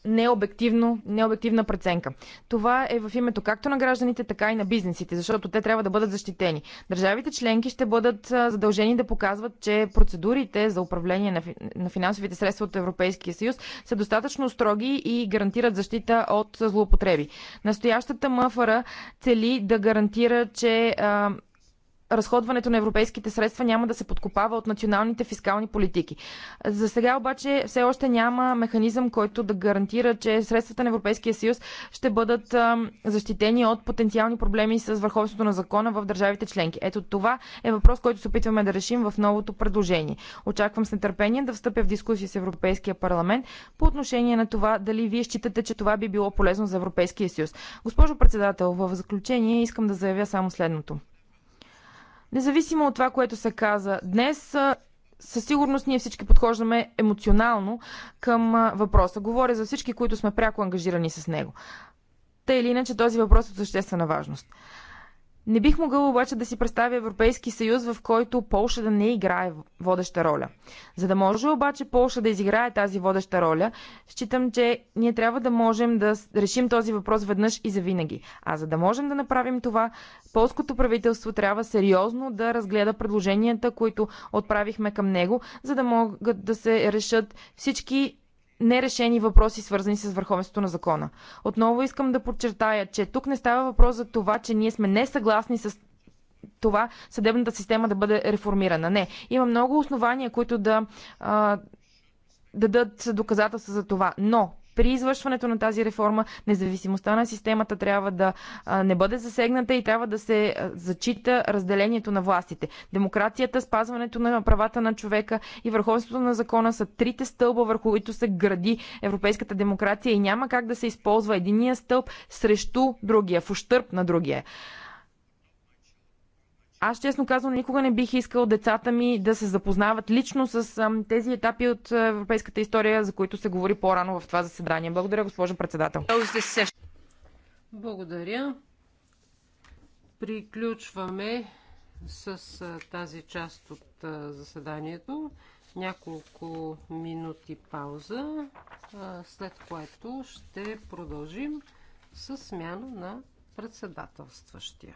необективно, необективна преценка. Това е в името както на гражданите, така и на бизнесите, защото те трябва да бъдат защитени. Държавите членки ще бъдат задължени да показват, че процедурите за управление на финансовите средства от Европейския съюз са достатъчно строги и гарантират защита от злоупотреби. Настоящата МФР цели да гарантира, че разходването на европейските средства няма да се подкопава от националните фискални политики. За сега обаче все още няма механизъм, който да гарантира, че средствата на Европейския съюз ще бъдат защитени от потенциални проблеми с върховството на закона в държавите членки. Ето това е въпрос, който се опитваме да решим в новото предложение. Очаквам с нетърпение да встъпя в дискусии с Европейския парламент по отношение на това дали вие считате, че това би било полезно за Европейския съюз. Госпожо председател, в заключение искам да заявя само следното. Независимо от това, което се каза днес, със сигурност ние всички подхождаме емоционално към въпроса. Говоря за всички, които сме пряко ангажирани с него. Та или иначе този въпрос е от съществена важност. Не бих могъл обаче да си представя Европейски съюз, в който Полша да не играе водеща роля. За да може обаче Полша да изиграе тази водеща роля, считам, че ние трябва да можем да решим този въпрос веднъж и завинаги. А за да можем да направим това, полското правителство трябва сериозно да разгледа предложенията, които отправихме към него, за да могат да се решат всички нерешени въпроси, свързани с върховенството на закона. Отново искам да подчертая, че тук не става въпрос за това, че ние сме несъгласни с това съдебната система да бъде реформирана. Не. Има много основания, които да а, дадат доказателства за това. Но при извършването на тази реформа независимостта на системата трябва да не бъде засегната и трябва да се зачита разделението на властите. Демокрацията, спазването на правата на човека и върховенството на закона са трите стълба, върху които се гради европейската демокрация и няма как да се използва единия стълб срещу другия, в ущърп на другия. Аз честно казвам, никога не бих искал децата ми да се запознават лично с тези етапи от е, европейската история, за които се говори по-рано в това заседание. Благодаря, госпожо председател. Благодаря. Приключваме с е, тази част от е, заседанието. Няколко минути пауза, след което ще продължим с смяна на председателстващия.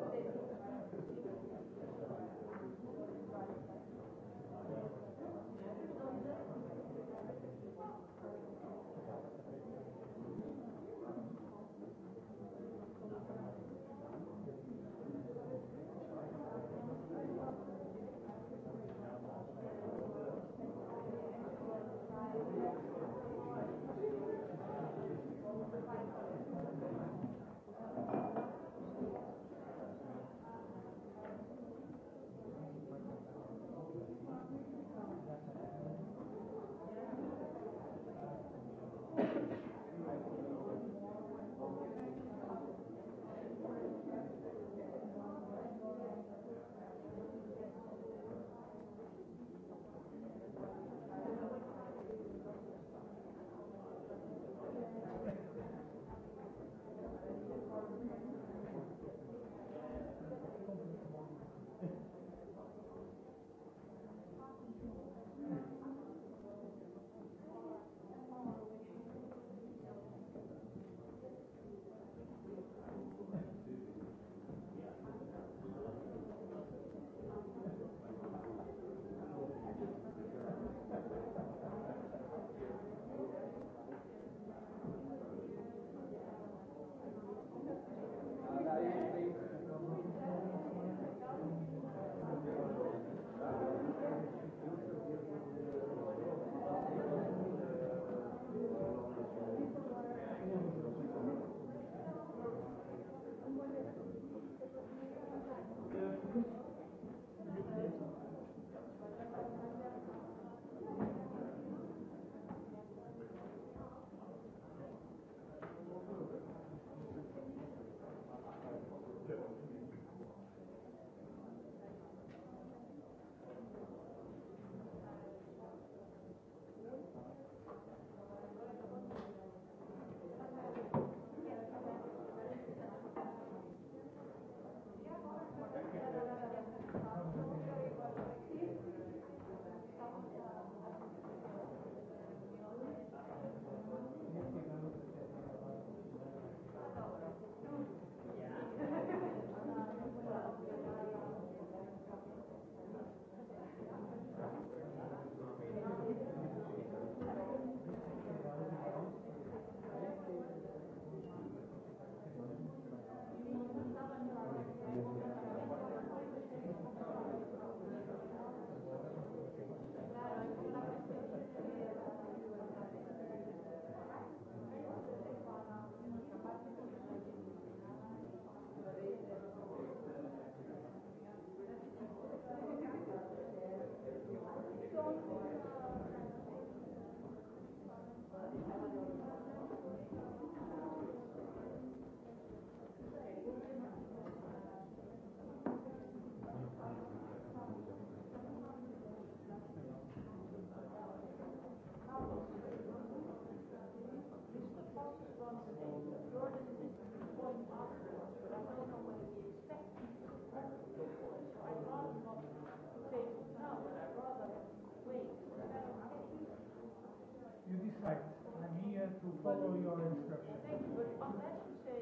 let's just say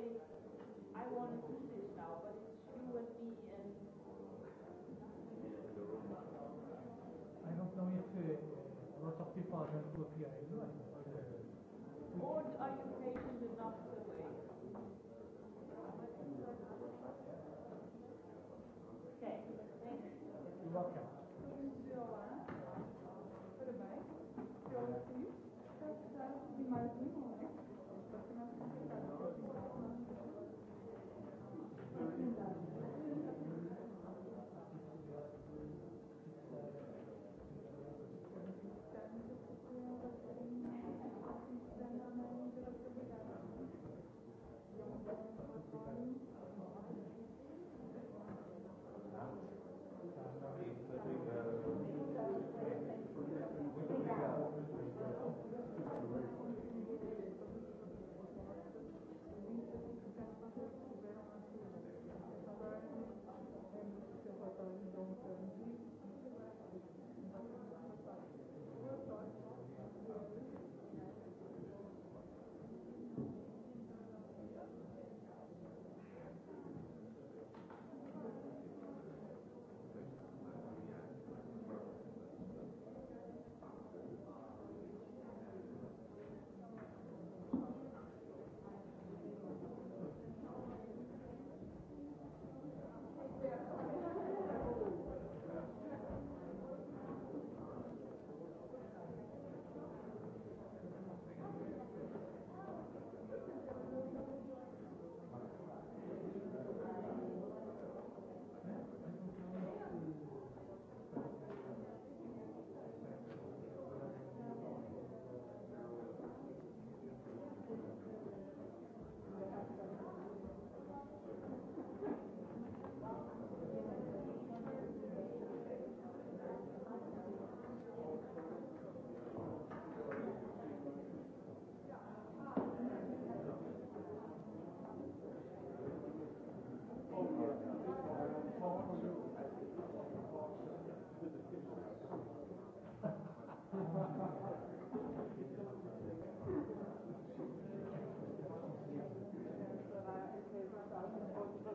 I do this now, but it's you and me and. I don't know if uh, a lot of people are going to appear in Or are you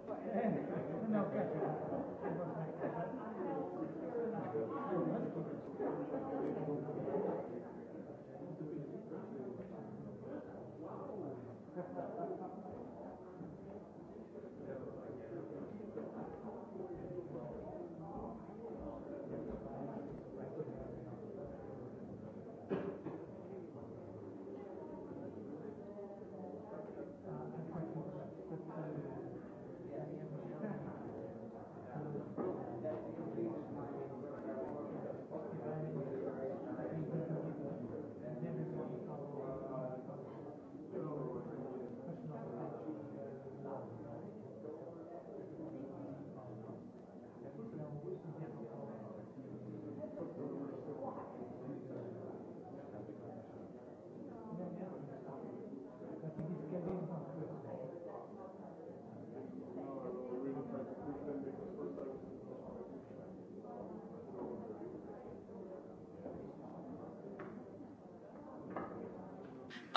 Thank you.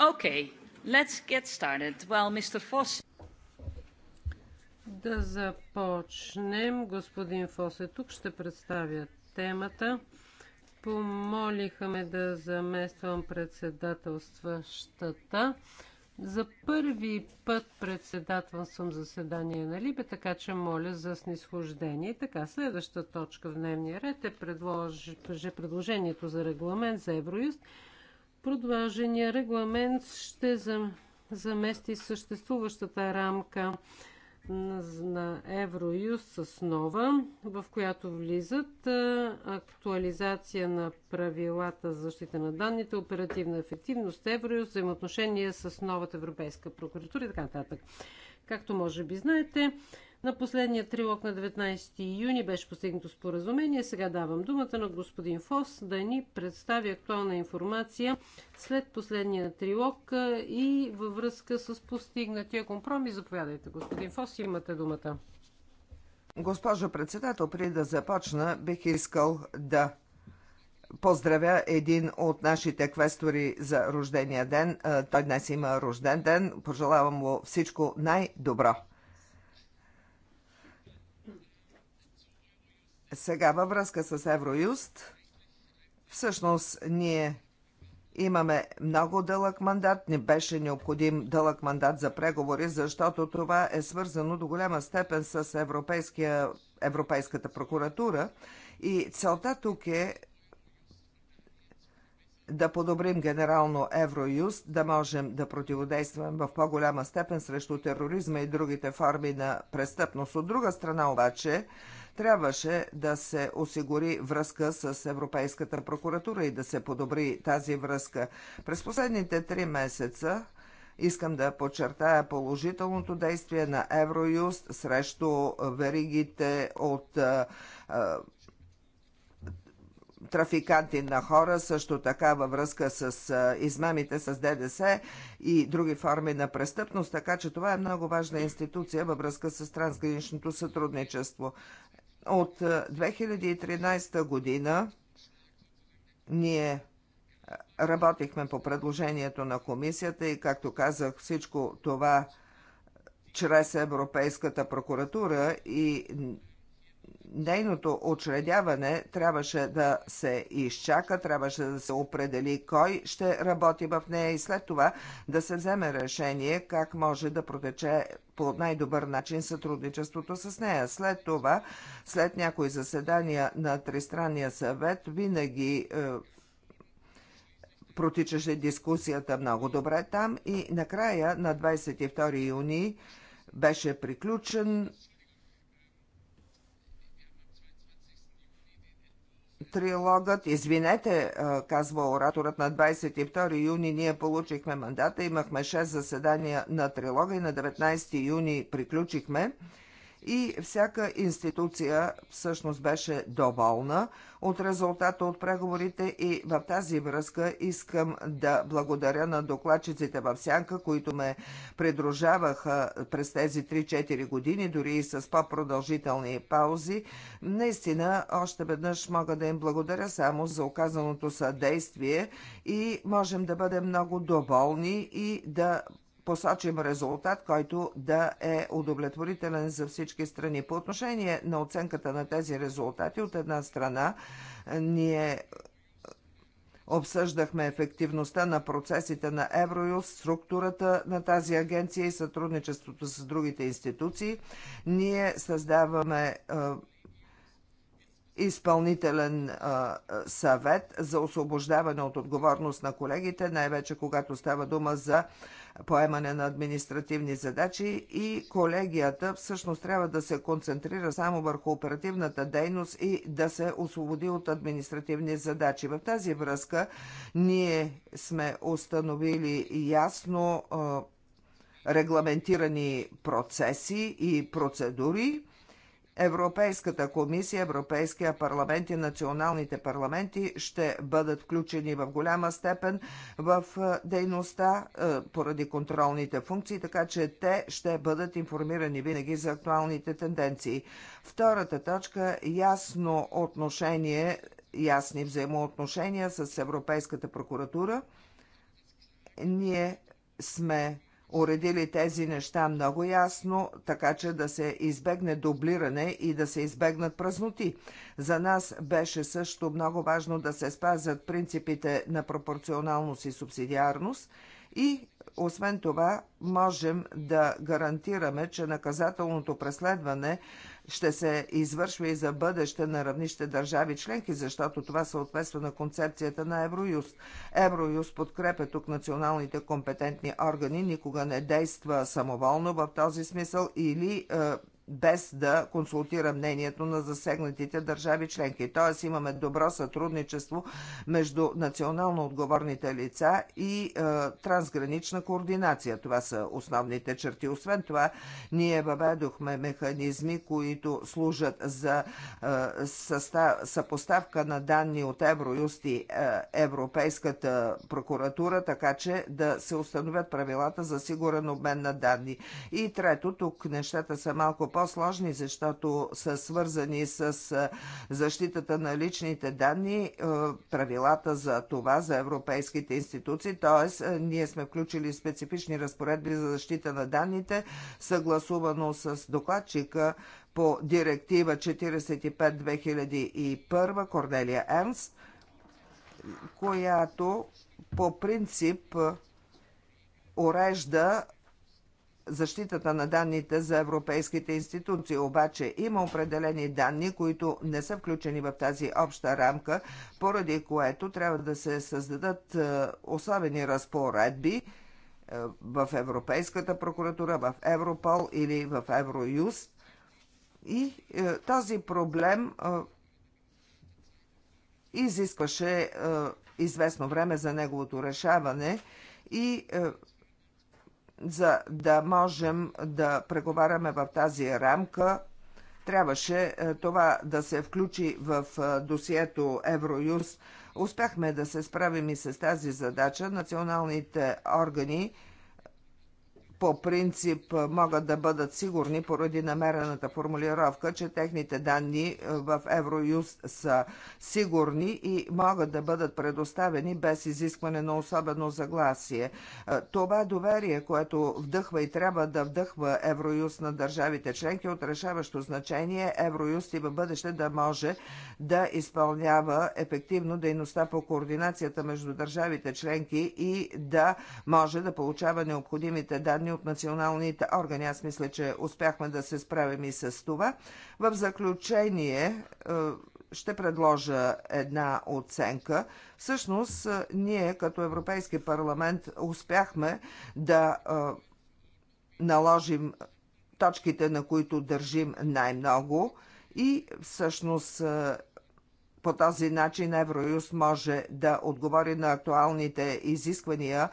Okay, let's get started. Well, Mr. Да започнем. Господин Фос е тук. Ще представя темата. Помолиха ме да замествам председателстващата. За първи път председателствам заседание на Либе, така че моля за снисхождение. Така, следваща точка в дневния ред е предлож... Е предложението за регламент за Евроюст – Продължения регламент ще замести съществуващата рамка на Евроюз с нова, в която влизат актуализация на правилата за защита на данните, оперативна ефективност, Евроюз, взаимоотношения с новата Европейска прокуратура и така нататък. Както може би знаете, на последния трилог на 19 юни беше постигнато споразумение. Сега давам думата на господин Фос да ни представи актуална информация след последния трилог и във връзка с постигнатия компромис. Заповядайте, господин Фос, имате думата. Госпожо председател, преди да започна, бих искал да поздравя един от нашите квестори за рождения ден. Той днес има рожден ден. Пожелавам му всичко най-добро. Сега във връзка с Евроюст, всъщност ние имаме много дълъг мандат, не беше необходим дълъг мандат за преговори, защото това е свързано до голяма степен с Европейския, Европейската прокуратура и целта тук е да подобрим генерално Евроюст, да можем да противодействаме в по-голяма степен срещу тероризма и другите форми на престъпност. От друга страна обаче, трябваше да се осигури връзка с Европейската прокуратура и да се подобри тази връзка. През последните три месеца Искам да подчертая положителното действие на Евроюст срещу веригите от трафиканти на хора, също така във връзка с измамите с ДДС и други форми на престъпност, така че това е много важна институция във връзка с трансграничното сътрудничество. От 2013 е, година ние е, работихме по предложението на комисията и, както казах, всичко това чрез Европейската прокуратура и нейното очредяване трябваше да се изчака, трябваше да се определи кой ще работи в нея и след това да се вземе решение как може да протече по най-добър начин сътрудничеството с нея. След това, след някои заседания на Тристранния съвет, винаги е, протичаше дискусията много добре там и накрая на 22 юни беше приключен трилогът. Извинете, казва ораторът, на 22 юни ние получихме мандата, имахме 6 заседания на трилога и на 19 юни приключихме и всяка институция всъщност беше доволна от резултата от преговорите и в тази връзка искам да благодаря на докладчиците в Сянка, които ме придружаваха през тези 3-4 години, дори и с по-продължителни паузи. Наистина, още веднъж мога да им благодаря само за оказаното съдействие и можем да бъдем много доволни и да посочим резултат, който да е удовлетворителен за всички страни. По отношение на оценката на тези резултати, от една страна, ние Обсъждахме ефективността на процесите на Евроюз, структурата на тази агенция и сътрудничеството с другите институции. Ние създаваме изпълнителен а, съвет за освобождаване от отговорност на колегите, най-вече когато става дума за поемане на административни задачи и колегията всъщност трябва да се концентрира само върху оперативната дейност и да се освободи от административни задачи. В тази връзка ние сме установили ясно регламентирани процеси и процедури Европейската комисия, Европейския парламент и националните парламенти ще бъдат включени в голяма степен в е, дейността е, поради контролните функции, така че те ще бъдат информирани винаги за актуалните тенденции. Втората точка – ясно отношение, ясни взаимоотношения с Европейската прокуратура. Ние сме уредили тези неща много ясно, така че да се избегне дублиране и да се избегнат празноти. За нас беше също много важно да се спазят принципите на пропорционалност и субсидиарност и освен това можем да гарантираме, че наказателното преследване ще се извършва и за бъдеще на равнище държави членки, защото това съответства на концепцията на Евроюст. Евроюст подкрепя тук националните компетентни органи, никога не действа самоволно в този смисъл или е, без да консултира мнението на засегнатите държави членки. Тоест имаме добро сътрудничество между национално отговорните лица и е, трансгранична координация. Това са основните черти. Освен това, ние въведохме механизми, които служат за е, състав, съпоставка на данни от Евроюст и е, Европейската прокуратура, така че да се установят правилата за сигурен обмен на данни. И трето, тук нещата са малко по по-сложни, защото са свързани с защитата на личните данни, правилата за това, за европейските институции, т.е. ние сме включили специфични разпоредби за защита на данните, съгласувано с докладчика по директива 45-2001 Корнелия Ернст, която по принцип урежда защитата на данните за европейските институции. Обаче има определени данни, които не са включени в тази обща рамка, поради което трябва да се създадат е, особени разпоредби е, в Европейската прокуратура, в Европол или в Евроюст. И е, този проблем изискваше известно време за неговото решаване и за да можем да преговаряме в тази рамка, трябваше е, това да се включи в е, досието Евроюз. Успяхме да се справим и с тази задача. Националните органи по принцип могат да бъдат сигурни поради намерената формулировка, че техните данни в Евроюст са сигурни и могат да бъдат предоставени без изискване на особено загласие. Това доверие, което вдъхва и трябва да вдъхва Евроюст на държавите членки, от решаващо значение Евроюст и в бъдеще да може да изпълнява ефективно дейността по координацията между държавите членки и да може да получава необходимите данни изпълнявани от националните органи. Аз мисля, че успяхме да се справим и с това. В заключение е, ще предложа една оценка. Всъщност, е, ние като Европейски парламент успяхме да е, наложим точките, на които държим най-много и всъщност по този начин Евроюст може да отговори на актуалните изисквания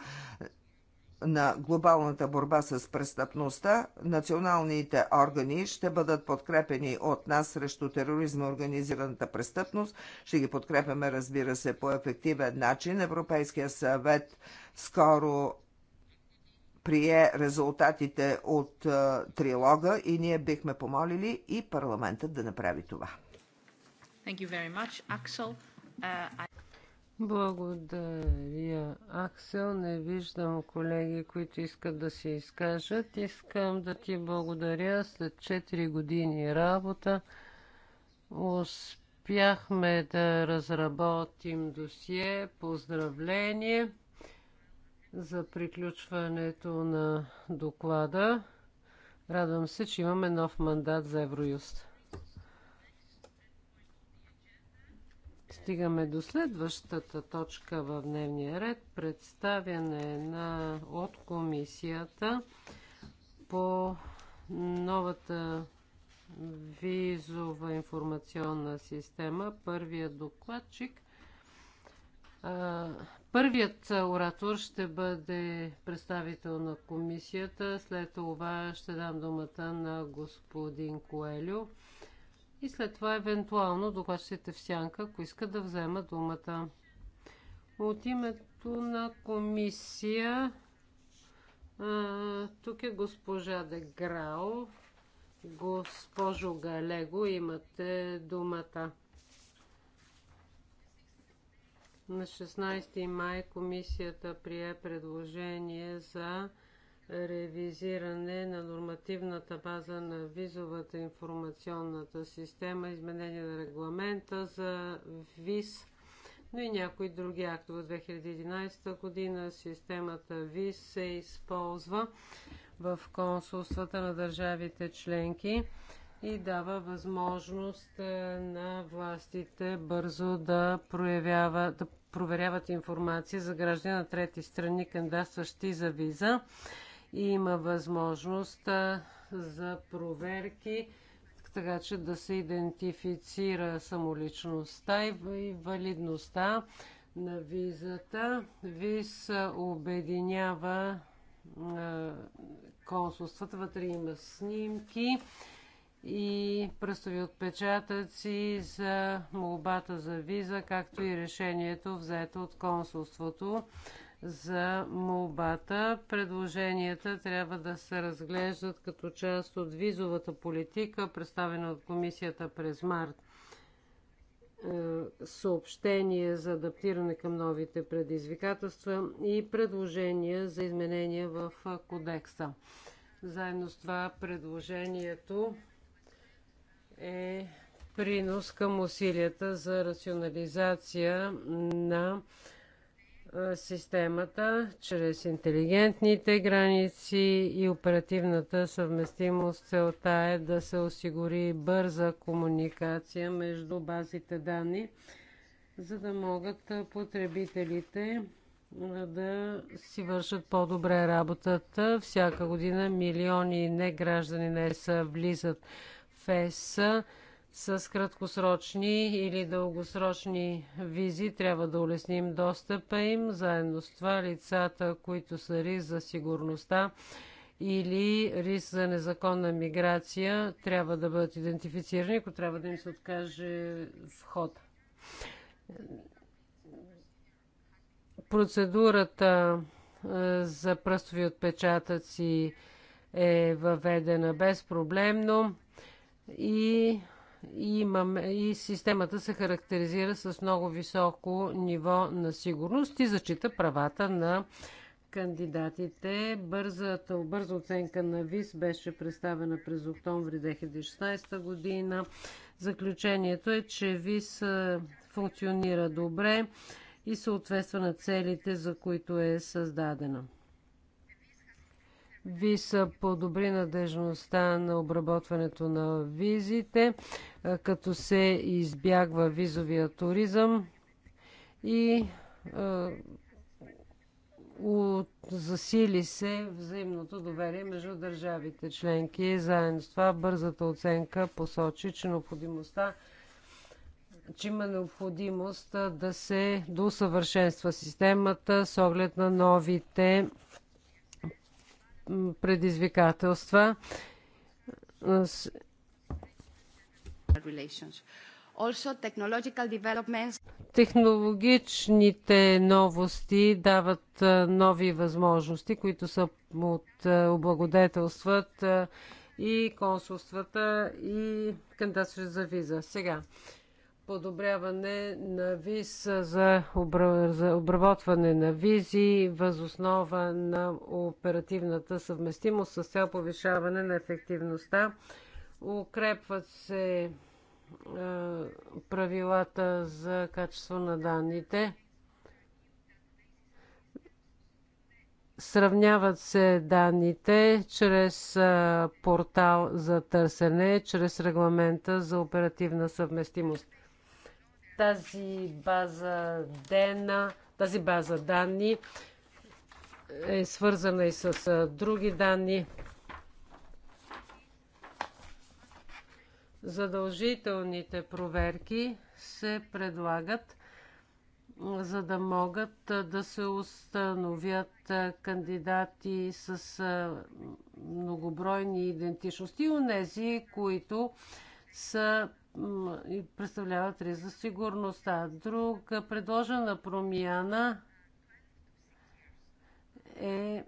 на глобалната борба с престъпността, националните органи ще бъдат подкрепени от нас срещу тероризма и организираната престъпност. Ще ги подкрепяме, разбира се, по ефективен начин. Европейския съвет скоро прие резултатите от а, трилога и ние бихме помолили и парламентът да направи това. Thank you very much, Axel. Uh, I... Благодаря, Аксел. Не виждам колеги, които искат да се изкажат. Искам да ти благодаря. След 4 години работа успяхме да разработим досие. Поздравление за приключването на доклада. Радвам се, че имаме нов мандат за Евроюст. Стигаме до следващата точка в дневния ред представяне на, от комисията по новата визова информационна система. Първият докладчик. първият оратор ще бъде представител на комисията. След това ще дам думата на господин Коелю и след това евентуално докладчите в сянка, ако искат да взема думата. От името на комисия а, тук е госпожа Деграо. Госпожо Галего, имате думата. На 16 май комисията прие предложение за ревизиране на нормативната база на визовата информационната система, изменение на регламента за ВИС, но и някои други актове. В 2011 година системата ВИС се използва в консулствата на държавите членки и дава възможност е, на властите бързо да, да проверяват информация за граждани на трети страни, кандидатстващи за виза. Има възможност за проверки, така че да се идентифицира самоличността и валидността на визата. ВИЗ обединява консулствата. Вътре има снимки и пръстови отпечатъци за молбата за виза, както и решението взето от консулството за молбата. Предложенията трябва да се разглеждат като част от визовата политика, представена от комисията през март. Е, съобщение за адаптиране към новите предизвикателства и предложения за изменения в е, кодекса. Заедно с това предложението е принос към усилията за рационализация на е, системата чрез интелигентните граници и оперативната съвместимост. Целта е да се осигури бърза комуникация между базите данни, за да могат потребителите е, да си вършат по-добре работата. Всяка година милиони неграждани не са влизат в ЕС с краткосрочни или дългосрочни визи. Трябва да улесним достъпа им. Заедно с това лицата, които са риск за сигурността или риск за незаконна миграция, трябва да бъдат идентифицирани, ако трябва да им се откаже вход. Процедурата за пръстови отпечатъци е въведена безпроблемно и и, имаме, и системата се характеризира с много високо ниво на сигурност и зачита правата на кандидатите. Бързата, бърза оценка на ВИС беше представена през октомври 2016 година. Заключението е, че ВИС функционира добре и съответства на целите, за които е създадена ви са подобри надежността на обработването на визите, като се избягва визовия туризъм и засили се взаимното доверие между държавите членки. Заедно с това бързата оценка посочи, че необходимостта че има необходимост да се досъвършенства системата с оглед на новите предизвикателства. Технологичните новости дават нови възможности, които са от облагодетелстват и консулствата и кандидатстващи за виза. Сега, подобряване на виз за, обработване на визи възоснова на оперативната съвместимост с цял повишаване на ефективността. Укрепват се а, правилата за качество на данните. Сравняват се данните чрез портал за търсене, чрез регламента за оперативна съвместимост. Тази база, дена, тази база данни е свързана и с други данни. Задължителните проверки се предлагат, за да могат да се установят кандидати с многобройни идентичности и унези, които са и представляват риск за сигурността. Друг предложена промяна е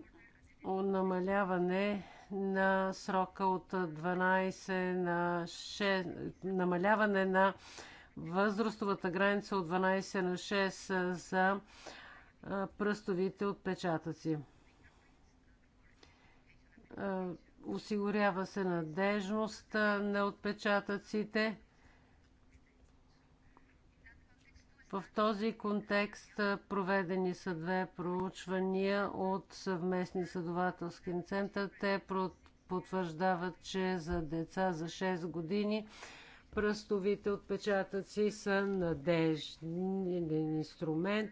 намаляване на срока от 12 на 6, намаляване на възрастовата граница от 12 на 6 за пръстовите отпечатъци. Осигурява се надежност на отпечатъците В този контекст проведени са две проучвания от съвместни следователски център. Те потвърждават, че за деца за 6 години пръстовите отпечатъци са надежден инструмент.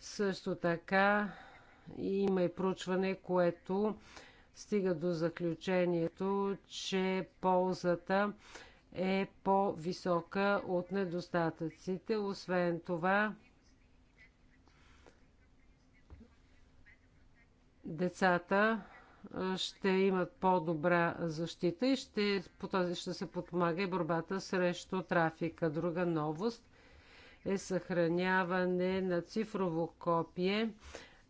Също така има и проучване, което стига до заключението, че ползата е по-висока от недостатъците. Освен това, децата ще имат по-добра защита и ще, по този ще се подпомага и борбата срещу трафика. Друга новост е съхраняване на цифрово копие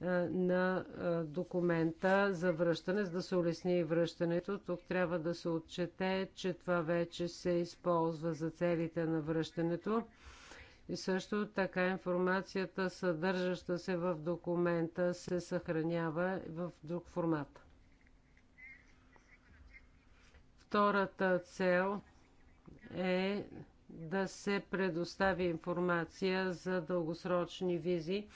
е, на е, документа за връщане, за да се улесни връщането. Тук трябва да се отчете, че това вече се използва за целите на връщането. И също така информацията, съдържаща се в документа, се съхранява в друг формат. Втората цел е да се предостави информация за дългосрочни визи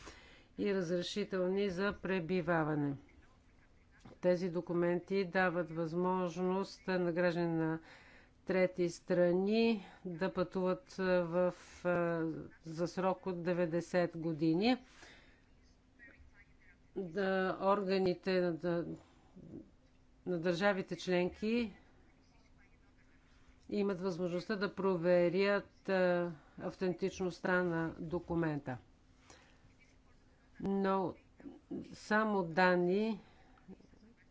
и разрешителни за пребиваване. Тези документи дават възможност на граждани на трети страни да пътуват в, за срок от 90 години. Да, органите на, на държавите членки имат възможността да проверят автентичността на документа но само данни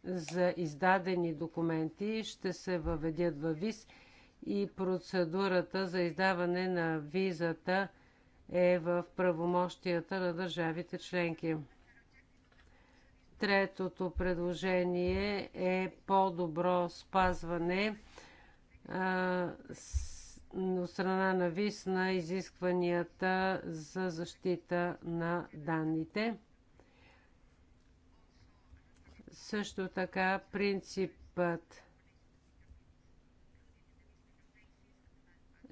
за издадени документи ще се въведят във ВИЗ и процедурата за издаване на визата е в правомощията на държавите членки. Третото предложение е по-добро спазване а, с от страна на ВИС на изискванията за защита на данните. Също така принципът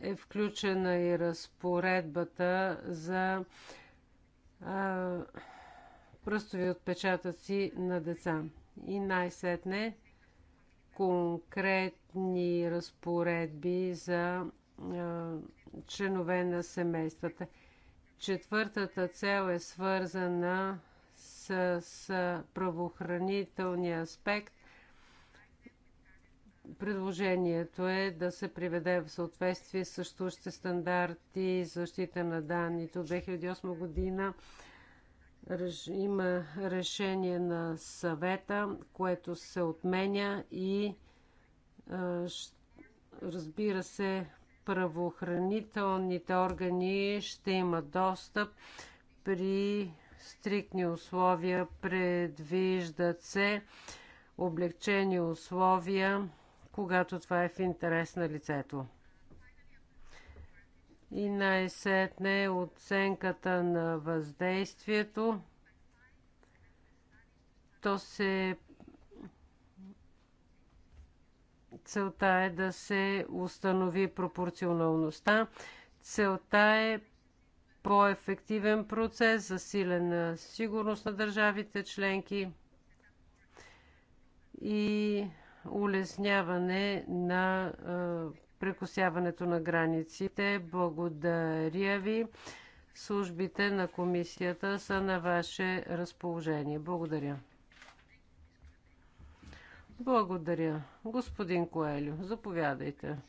е включена и разпоредбата за а, пръстови отпечатъци на деца. И най-сетне конкретни разпоредби за членове на семействата. Четвъртата цел е свързана с, с правоохранителния аспект. Предложението е да се приведе в съответствие с същите стандарти защита на данните. От 2008 година има решение на съвета, което се отменя и разбира се, правоохранителните органи ще имат достъп при стриктни условия. Предвиждат се облегчени условия, когато това е в интерес на лицето. И най-сетне оценката на въздействието. То се Целта е да се установи пропорционалността. Целта е по-ефективен процес, засилена сигурност на държавите членки и улесняване на прекосяването на границите. Благодаря ви. Службите на комисията са на ваше разположение. Благодаря. Благодаря. Господин Коелю, заповядайте.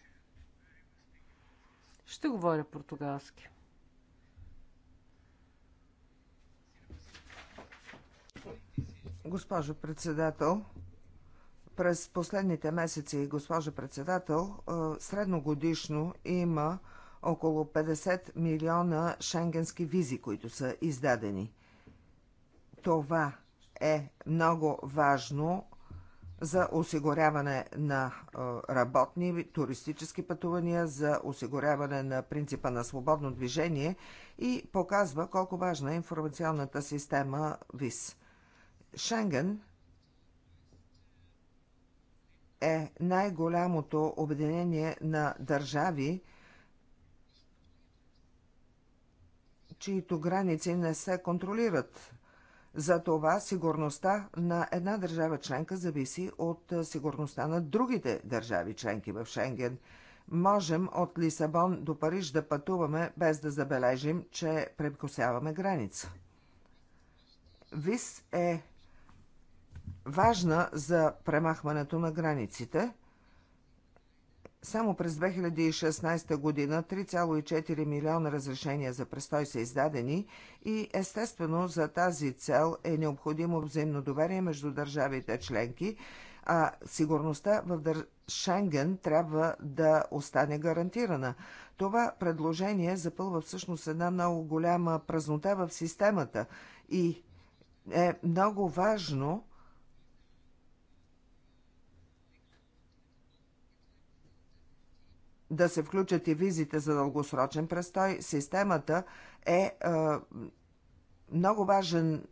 Ще говоря португалски. Госпожо председател, през последните месеци, госпожо председател, средногодишно има около 50 милиона шенгенски визи, които са издадени. Това е много важно за осигуряване на работни туристически пътувания, за осигуряване на принципа на свободно движение и показва колко важна е информационната система ВИС. Шенген е най-голямото обединение на държави, чието граници не се контролират затова сигурността на една държава членка зависи от сигурността на другите държави членки в Шенген. Можем от Лисабон до Париж да пътуваме без да забележим, че прекосяваме граница. ВИС е важна за премахването на границите – само през 2016 година 3,4 милиона разрешения за престой са издадени и естествено за тази цел е необходимо взаимно доверие между държавите членки, а сигурността в дър... Шенген трябва да остане гарантирана. Това предложение запълва всъщност една много голяма празнота в системата и е много важно да се включат и визите за дългосрочен престой, системата е, е много важен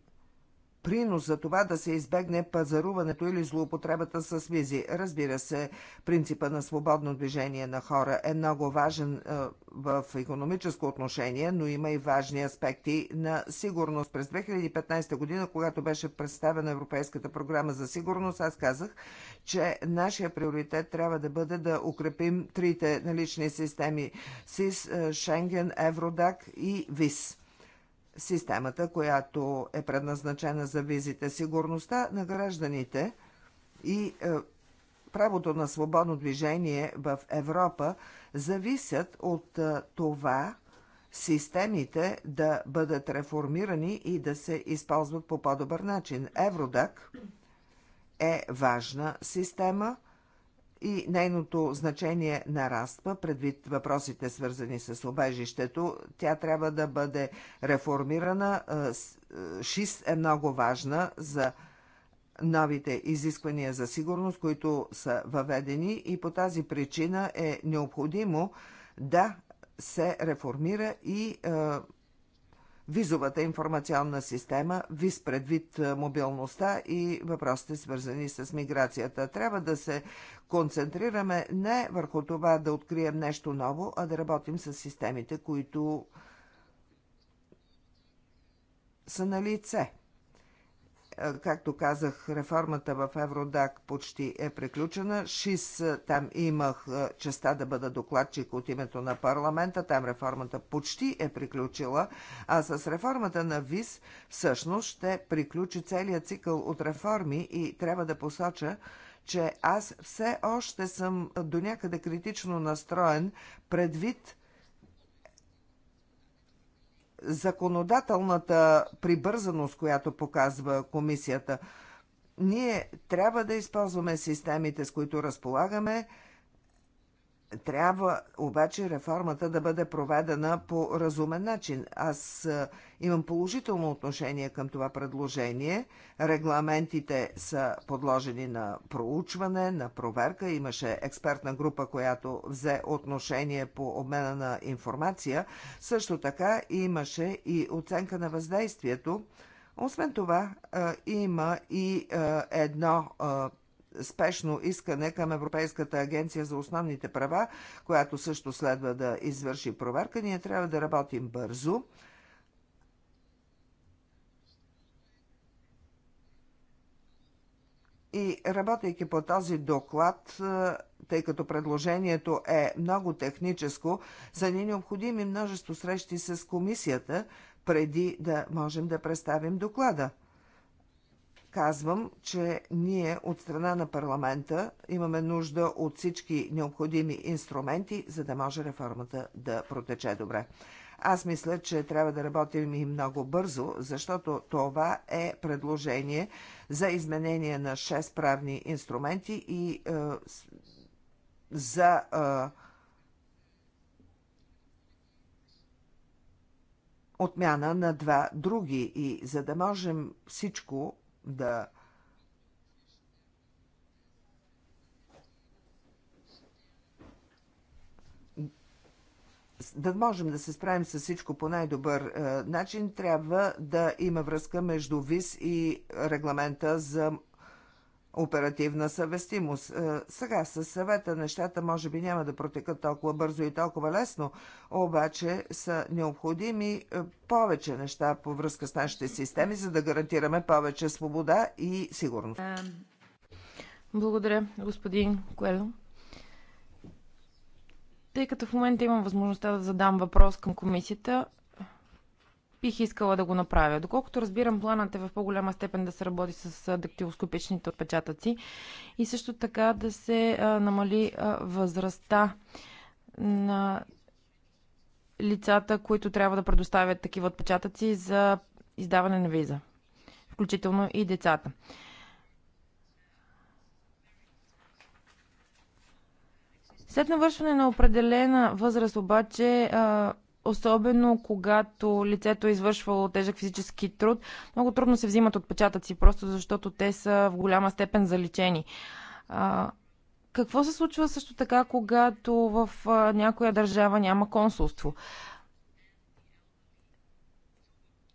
принос за това да се избегне пазаруването или злоупотребата с визи. Разбира се, принципа на свободно движение на хора е много важен е, в економическо отношение, но има и важни аспекти на сигурност. През 2015 година, когато беше представена Европейската програма за сигурност, аз казах, че нашия приоритет трябва да бъде да укрепим трите налични системи СИС, е, Шенген, Евродак и ВИС системата, която е предназначена за визите, сигурността на гражданите и е, правото на свободно движение в Европа зависят от е, това системите да бъдат реформирани и да се използват по по-добър начин. Евродак е важна система и нейното значение нараства предвид въпросите свързани с обежището. Тя трябва да бъде реформирана. ШИС е много важна за новите изисквания за сигурност, които са въведени и по тази причина е необходимо да се реформира и визовата информационна система, виз предвид е, мобилността и въпросите свързани с миграцията. Трябва да се концентрираме не върху това да открием нещо ново, а да работим с системите, които са на лице. Е, както казах, реформата в Евродак почти е приключена. ШИС е, там имах е, честа да бъда докладчик от името на парламента. Там реформата почти е приключила, а с реформата на ВИС всъщност ще приключи целият цикъл от реформи и трябва да посоча, че аз все още съм до някъде критично настроен предвид законодателната прибързаност, която показва комисията. Ние трябва да използваме системите, с които разполагаме, трябва обаче реформата да бъде проведена по разумен начин. Аз е, имам положително отношение към това предложение. Регламентите са подложени на проучване, на проверка. Имаше експертна група, която взе отношение по обмена на информация. Също така имаше и оценка на въздействието. Освен това, е, има и е, едно спешно искане към Европейската агенция за основните права, която също следва да извърши проверка. Ние трябва да работим бързо. И работейки по този доклад, е, тъй като предложението е много техническо, са ни необходими множество срещи с комисията, преди да можем да представим доклада казвам, че ние от страна на парламента имаме нужда от всички необходими инструменти, за да може реформата да протече добре. Аз мисля, че трябва да работим и много бързо, защото това е предложение за изменение на 6 правни инструменти и е, за е, отмяна на два други и за да можем всичко да да можем да се справим с всичко по най-добър е, начин, трябва да има връзка между ВИС и регламента за оперативна съвестимост. Е, сега с съвета нещата може би няма да протекат толкова бързо и толкова лесно, обаче са необходими е, повече неща по връзка с нашите системи, за да гарантираме повече свобода и сигурност. Благодаря, господин Коело. Тъй като в момента имам възможността да задам въпрос към комисията, бих искала да го направя. Доколкото разбирам, планът е в по-голяма степен да се работи с дактилоскопичните отпечатъци и също така да се намали възрастта на лицата, които трябва да предоставят такива отпечатъци за издаване на виза, включително и децата. След навършване на определена възраст обаче особено когато лицето е извършвало тежък физически труд, много трудно се взимат отпечатъци, просто защото те са в голяма степен заличени. А, какво се случва също така, когато в а, някоя държава няма консулство?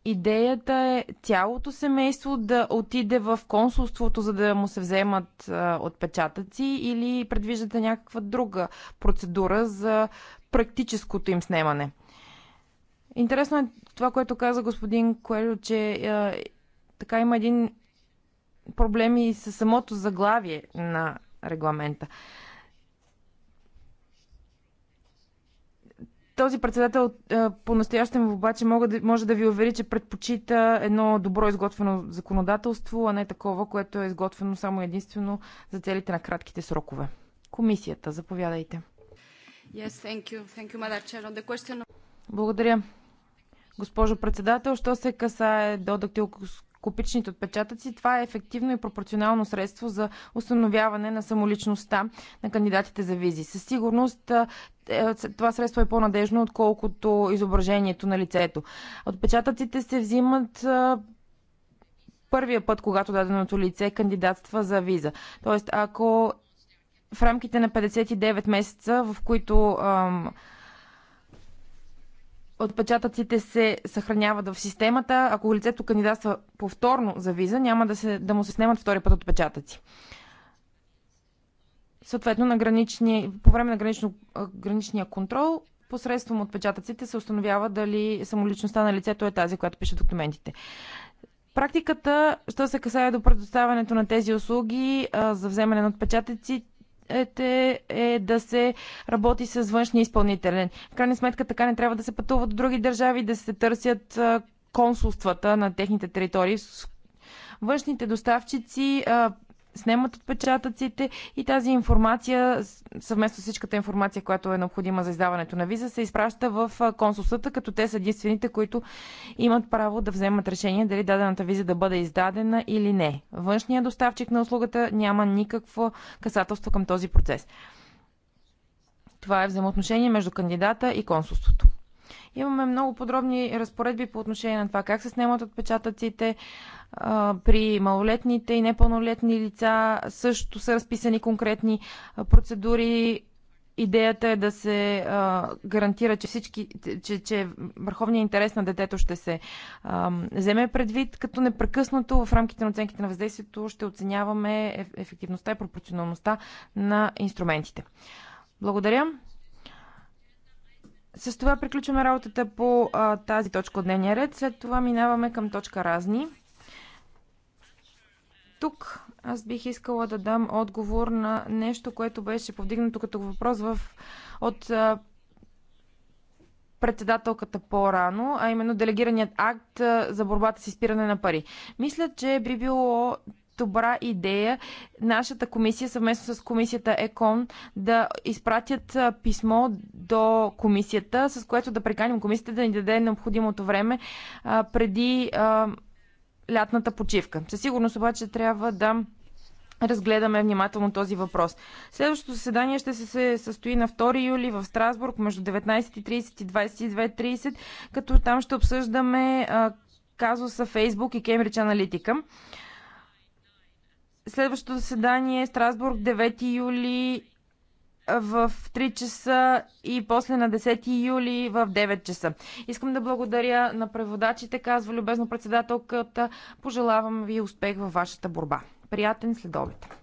Идеята е цялото семейство да отиде в консулството, за да му се вземат а, отпечатъци или предвиждате някаква друга процедура за практическото им снемане? Интересно е това, което каза господин Коелю, че а, така има един проблем и със самото заглавие на регламента. Този председател по-настоящем обаче мога да, може да ви увери, че предпочита едно добро изготвено законодателство, а не такова, което е изготвено само единствено за целите на кратките срокове. Комисията, заповядайте. Благодаря. Госпожо председател, що се касае до дактилоскопичните отпечатъци, това е ефективно и пропорционално средство за установяване на самоличността на кандидатите за визи. Със сигурност е, това средство е по-надежно, отколкото изображението на лицето. Отпечатъците се взимат първия път, когато даденото лице кандидатства за виза. Тоест, ако в рамките на 59 месеца, в които ам, отпечатъците се съхраняват в системата. Ако лицето кандидатства повторно за виза, няма да, се, да му се снемат втори път отпечатъци. Съответно, на гранични, по време на гранично, граничния контрол, посредством отпечатъците се установява дали самоличността на лицето е тази, която пише в документите. Практиката, що се касае до предоставянето на тези услуги а, за вземане на отпечатъци, е, е да се работи с външния изпълнителен. В крайна сметка така не трябва да се пътува до други държави, да се търсят консулствата на техните територии. Външните доставчици снемат отпечатъците и тази информация, съвместно с всичката информация, която е необходима за издаването на виза, се изпраща в консулствата, като те са единствените, които имат право да вземат решение дали дадената виза да бъде издадена или не. Външният доставчик на услугата няма никакво касателство към този процес. Това е взаимоотношение между кандидата и консулството. Имаме много подробни разпоредби по отношение на това как се снимат отпечатъците при малолетните и непълнолетни лица. Също са разписани конкретни процедури. Идеята е да се гарантира, че, всички, че, че върховният интерес на детето ще се вземе предвид, като непрекъснато в рамките на оценките на въздействието ще оценяваме ефективността и пропорционалността на инструментите. Благодаря. С това приключваме работата по а, тази точка от дневния ред. След това минаваме към точка разни. Тук аз бих искала да дам отговор на нещо, което беше повдигнато като въпрос в, от а, председателката по-рано, а именно делегираният акт за борбата с изпиране на пари. Мисля, че би било добра идея нашата комисия съвместно с комисията ЕКОН да изпратят писмо до комисията, с което да приканим комисията да ни даде необходимото време а, преди а, лятната почивка. Със сигурност обаче трябва да разгледаме внимателно този въпрос. Следващото заседание ще се състои на 2 юли в Страсбург между 19.30 и 22.30, като там ще обсъждаме казуса Facebook и Cambridge Analytica. Следващото заседание е Страсбург 9 юли в 3 часа и после на 10 юли в 9 часа. Искам да благодаря на преводачите, казва любезно председателката. Пожелавам ви успех във вашата борба. Приятен следобед!